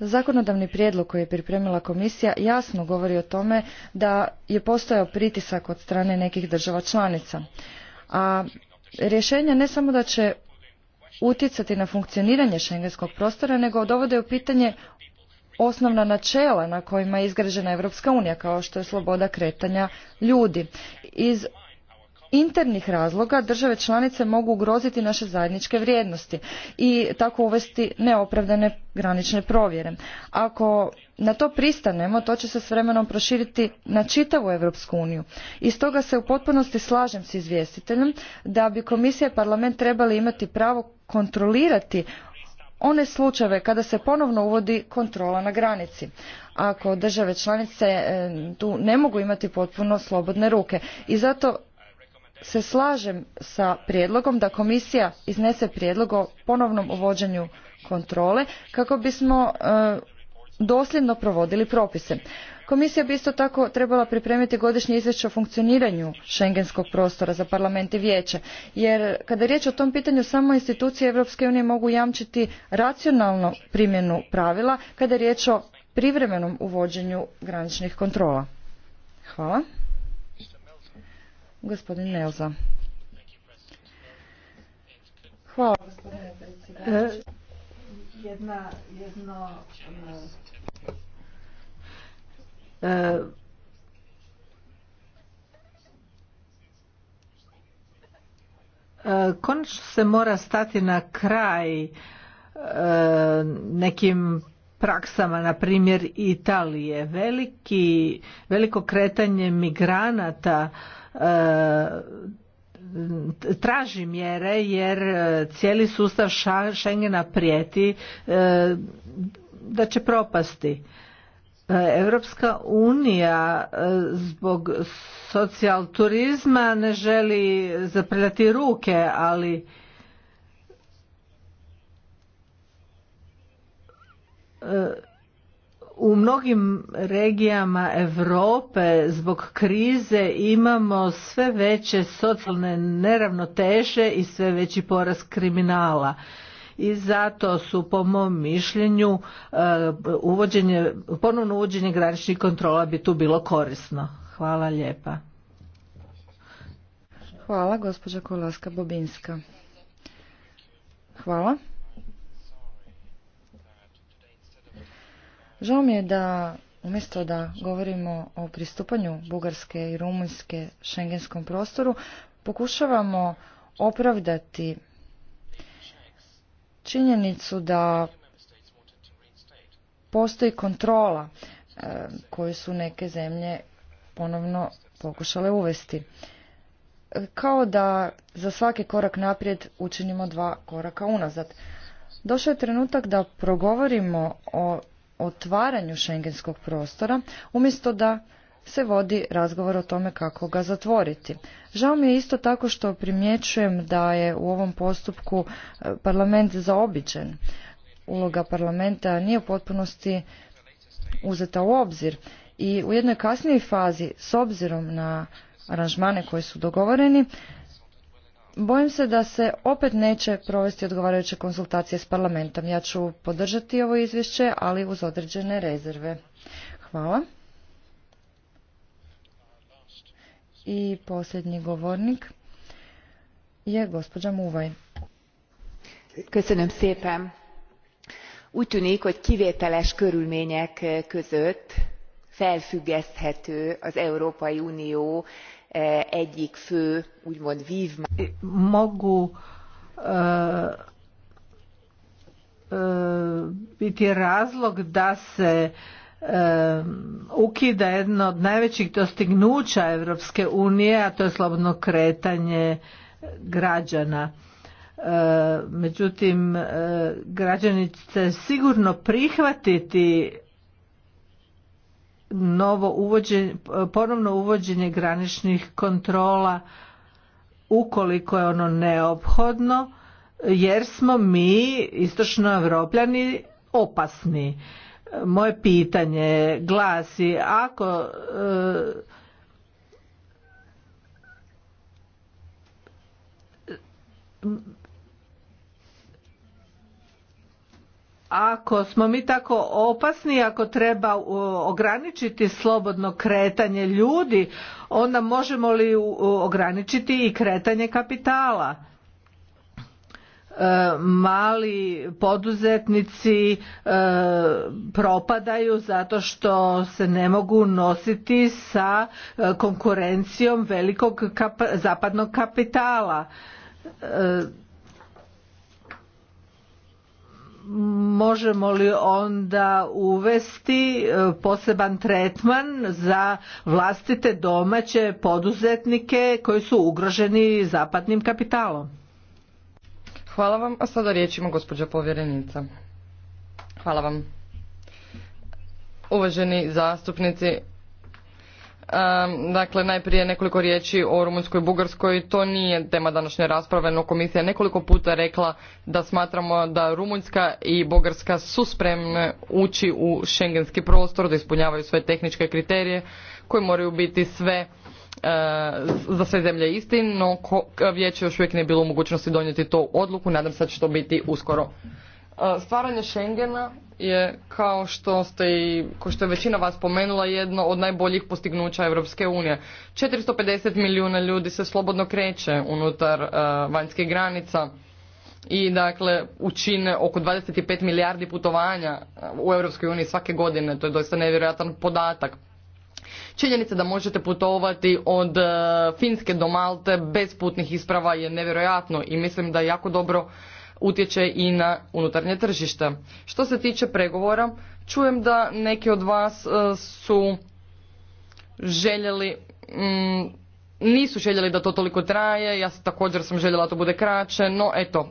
Zakonodavni prijedlog koji je pripremila komisija jasno govori o tome da je postojao pritisak od strane nekih država članica. A rješenja ne samo da će utjecati na funkcioniranje schengenskog prostora, nego dovode u pitanje osnovna načela na kojima je izgrađena Europska unija, kao što je sloboda kretanja ljudi. Iz internih razloga države članice mogu ugroziti naše zajedničke vrijednosti i tako uvesti neopravdane granične provjere. Ako na to pristanemo, to će se s vremenom proširiti na čitavu Europsku uniju. I stoga se u potpunosti slažem s izvjestiteljem da bi komisija i parlament trebali imati pravo kontrolirati one slučajeve kada se ponovno uvodi kontrola na granici. Ako države članice e, tu ne mogu imati potpuno slobodne ruke. I zato se slažem sa prijedlogom da komisija iznese prijedlog o ponovnom uvođenju kontrole kako bismo e, dosljedno provodili propise. Komisija bi isto tako trebala pripremiti godišnje izvješće o funkcioniranju schengenskog prostora za parlament i vijeće, jer kada je riječ o tom pitanju samo institucije Europske unije mogu jamčiti racionalnu primjenu pravila kada je riječ o privremenom uvođenju graničnih kontrola. Hvala. Gospodin Hvala gospodine predsjedniče. Jedna, jedno E, e, konačno se mora stati na kraj e, nekim praksama, na primjer Italije. Veliki, veliko kretanje migranata traži mjere jer cijeli sustav Schengena prijeti da će propasti. Europska unija e, zbog socijal turizma ne želi zaprljati ruke, ali e, u mnogim regijama Europe zbog krize imamo sve veće socijalne neravnoteže i sve veći porast kriminala i zato su po mom mišljenju e, ponovno uvođenje graničnih kontrola bi tu bilo korisno. Hvala lijepa. Hvala, gospođa Kolaska Bobinska. Hvala. Žao mi je da umjesto da govorimo o pristupanju Bugarske i Rumunjske šengenskom prostoru, pokušavamo opravdati činjenicu da postoji kontrola e, koju su neke zemlje ponovno pokušale uvesti. E, kao da za svaki korak naprijed učinimo dva koraka unazad. Došao je trenutak da progovorimo o otvaranju šengenskog prostora, umjesto da se vodi razgovor o tome kako ga zatvoriti. Žao mi je isto tako što primjećujem da je u ovom postupku e, parlament zaobiđen. Uloga parlamenta nije u potpunosti uzeta u obzir i u jednoj kasnijoj fazi, s obzirom na aranžmane koji su dogovoreni, Bojim se da se opet neće provesti odgovarajuće konsultacije s parlamentom. Ja ću podržati ovo izvješće, ali uz određene rezerve. Hvala. I posljednji govornik je gospođa Muvaj. Köszönöm szépen. Úgy tűnik, hogy kivételes körülmények között felfüggeszthető az Európai Unió e, egyik fő, úgymond vívma. Mogu e, e, biti razlog da se ukida jedno od najvećih dostignuća Europske unije, a to je slobodno kretanje građana. Međutim, građani će sigurno prihvatiti novo uvođenje, ponovno uvođenje graničnih kontrola ukoliko je ono neophodno jer smo mi istočno europljani opasni moje pitanje glasi ako e, ako smo mi tako opasni ako treba e, ograničiti slobodno kretanje ljudi onda možemo li e, ograničiti i kretanje kapitala E, mali poduzetnici e, propadaju zato što se ne mogu nositi sa e, konkurencijom velikog zapadnog kapitala možemo li onda uvesti poseban tretman za vlastite domaće poduzetnike koji su ugroženi zapadnim kapitalom Hvala vam, a sada riječ ima gospođa povjerenica. Hvala vam. Uvaženi zastupnici, dakle najprije nekoliko riječi o Rumunjskoj i Bugarskoj. To nije tema današnje rasprave, no komisija je nekoliko puta rekla da smatramo da Rumunjska i Bugarska su spremne ući u šengenski prostor, da ispunjavaju sve tehničke kriterije koji moraju biti sve E, za sve zemlje isti, no vijeće još uvijek nije bilo u mogućnosti donijeti to odluku, nadam se da će to biti uskoro. E, stvaranje Schengena je, kao što, ste i, kao što je većina vas spomenula, jedno od najboljih postignuća Europske unije. 450 milijuna ljudi se slobodno kreće unutar e, vanjske granica i dakle učine oko 25 milijardi putovanja u Europskoj uniji svake godine. To je doista nevjerojatan podatak. Činjenica da možete putovati od e, Finske do Malte bez putnih isprava je nevjerojatno i mislim da jako dobro utječe i na unutarnje tržište. Što se tiče pregovora, čujem da neki od vas e, su željeli mm, nisu željeli da to toliko traje, ja također sam željela da to bude kraće, no eto,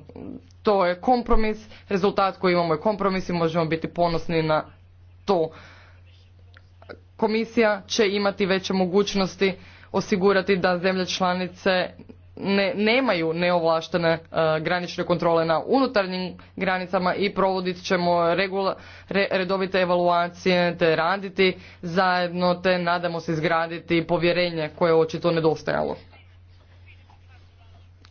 to je kompromis, rezultat koji imamo je kompromis i možemo biti ponosni na to komisija će imati veće mogućnosti osigurati da zemlje članice ne, nemaju neovlaštene e, granične kontrole na unutarnjim granicama i provodit ćemo redovite evaluacije te raditi zajedno te nadamo se izgraditi povjerenje koje je očito nedostajalo.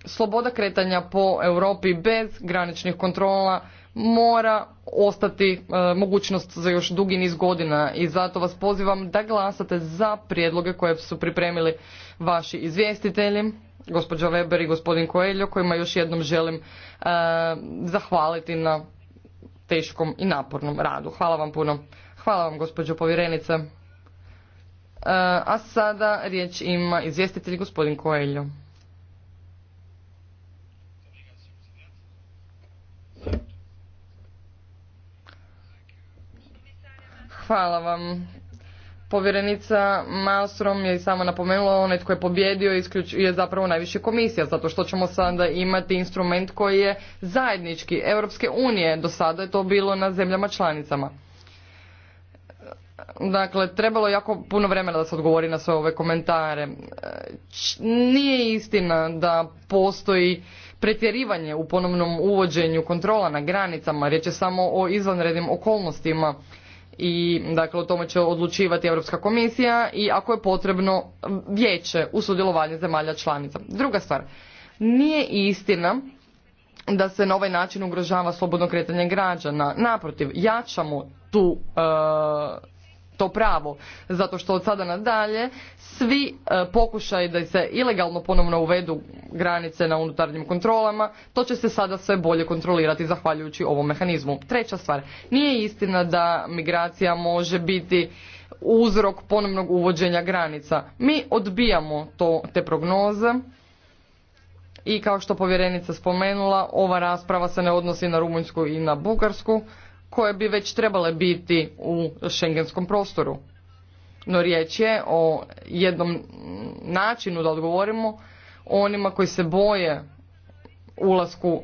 Sloboda kretanja po Europi bez graničnih kontrola mora ostati e, mogućnost za još dugi niz godina i zato vas pozivam da glasate za prijedloge koje su pripremili vaši izvjestitelji, gospođa Weber i gospodin Koeljo, kojima još jednom želim e, zahvaliti na teškom i napornom radu. Hvala vam puno. Hvala vam gospođo povjerenice. E, a sada riječ ima izvjestitelj gospodin Koeljo. Hvala vam. Povjerenica Malstrom je samo napomenula onaj tko je pobjedio je zapravo najviše komisija, zato što ćemo sada imati instrument koji je zajednički Europske unije. Do sada je to bilo na zemljama članicama. Dakle, trebalo jako puno vremena da se odgovori na sve ove komentare. Nije istina da postoji pretjerivanje u ponovnom uvođenju kontrola na granicama, riječ je samo o izvanrednim okolnostima i dakle o tome će odlučivati Europska komisija i ako je potrebno vijeće u sudjelovanju zemalja članica. Druga stvar, nije istina da se na ovaj način ugrožava slobodno kretanje građana. Naprotiv, jačamo tu e, to pravo zato što od sada nadalje svi e, pokušaji da se ilegalno ponovno uvedu granice na unutarnjim kontrolama to će se sada sve bolje kontrolirati zahvaljujući ovom mehanizmu treća stvar nije istina da migracija može biti uzrok ponovnog uvođenja granica mi odbijamo to te prognoze i kao što povjerenica spomenula ova rasprava se ne odnosi na rumunjsku i na bugarsku koje bi već trebale biti u šengenskom prostoru. No riječ je o jednom načinu da odgovorimo onima koji se boje ulasku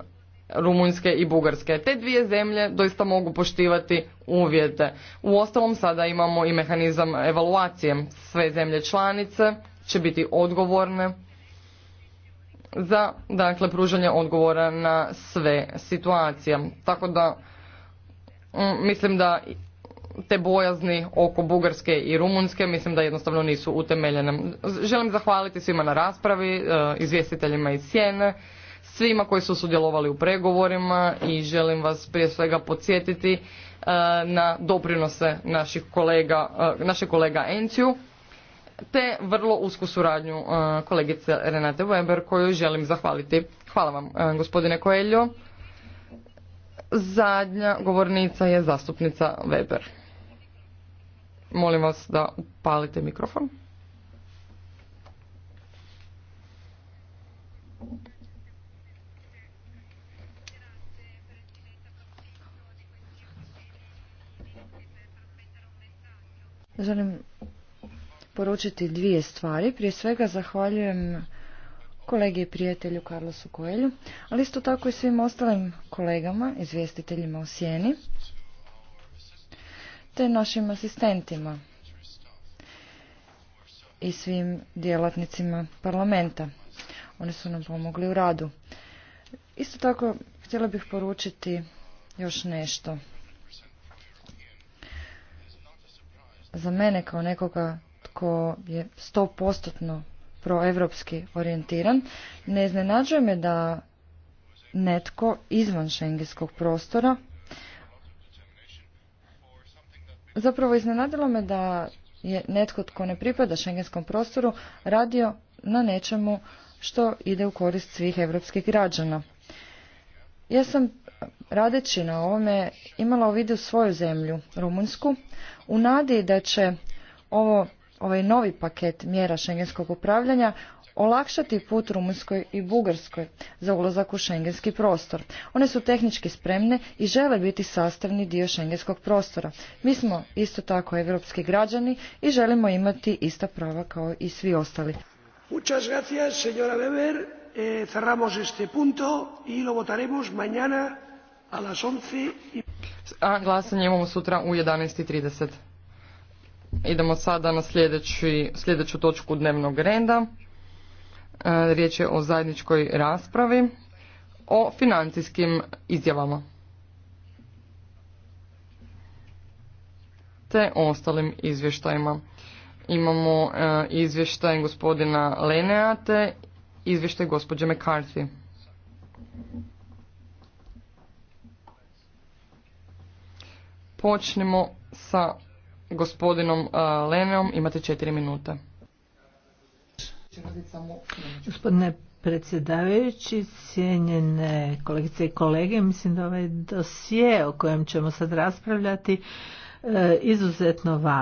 Rumunjske i Bugarske. Te dvije zemlje doista mogu poštivati uvjete. U ostalom sada imamo i mehanizam evaluacije. Sve zemlje članice će biti odgovorne za dakle, pružanje odgovora na sve situacije. Tako da Mm, mislim da te bojazni oko Bugarske i rumunske, mislim da jednostavno nisu utemeljene. Želim zahvaliti svima na raspravi, e, izvjestiteljima iz Sjene, svima koji su sudjelovali u pregovorima i želim vas prije svega podsjetiti e, na doprinose naših kolega, e, našeg kolega Enciju te vrlo usku suradnju kolegice Renate Weber koju želim zahvaliti. Hvala vam gospodine Koeljo. Zadnja govornica je zastupnica Weber. Molim vas da upalite mikrofon. Želim poručiti dvije stvari. Prije svega zahvaljujem kolegi i prijatelju Karlosu Koelju, ali isto tako i svim ostalim kolegama, izvjestiteljima u Sjeni, te našim asistentima i svim djelatnicima parlamenta. Oni su nam pomogli u radu. Isto tako htjela bih poručiti još nešto. Za mene kao nekoga tko je stopostotno proevropski orijentiran, ne iznenađuje me da netko izvan šengenskog prostora Zapravo iznenadilo me da je netko tko ne pripada šengenskom prostoru radio na nečemu što ide u korist svih evropskih građana. Ja sam radeći na ovome imala u vidu svoju zemlju, Rumunjsku, u nadi da će ovo ovaj novi paket mjera šengenskog upravljanja olakšati put Rumunjskoj i Bugarskoj za ulazak u šengenski prostor. One su tehnički spremne i žele biti sastavni dio šengenskog prostora. Mi smo isto tako evropski građani i želimo imati ista prava kao i svi ostali. Muchas gracias, señora Weber. Eh, cerramos este punto y lo votaremos mañana a las 11. A glasanje imamo sutra u 11.30. Idemo sada na sljedeći, sljedeću točku dnevnog reda. E, riječ je o zajedničkoj raspravi o financijskim izjavama te ostalim izvještajima. Imamo e, izvještaj gospodina Lenea te izvještaj gospođe McCarthy. Počnemo sa gospodinom Leneom. Imate četiri minuta. Gospodine predsjedavajući, cijenjene kolegice i kolege, mislim da ovaj dosije o kojem ćemo sad raspravljati e, izuzetno važan.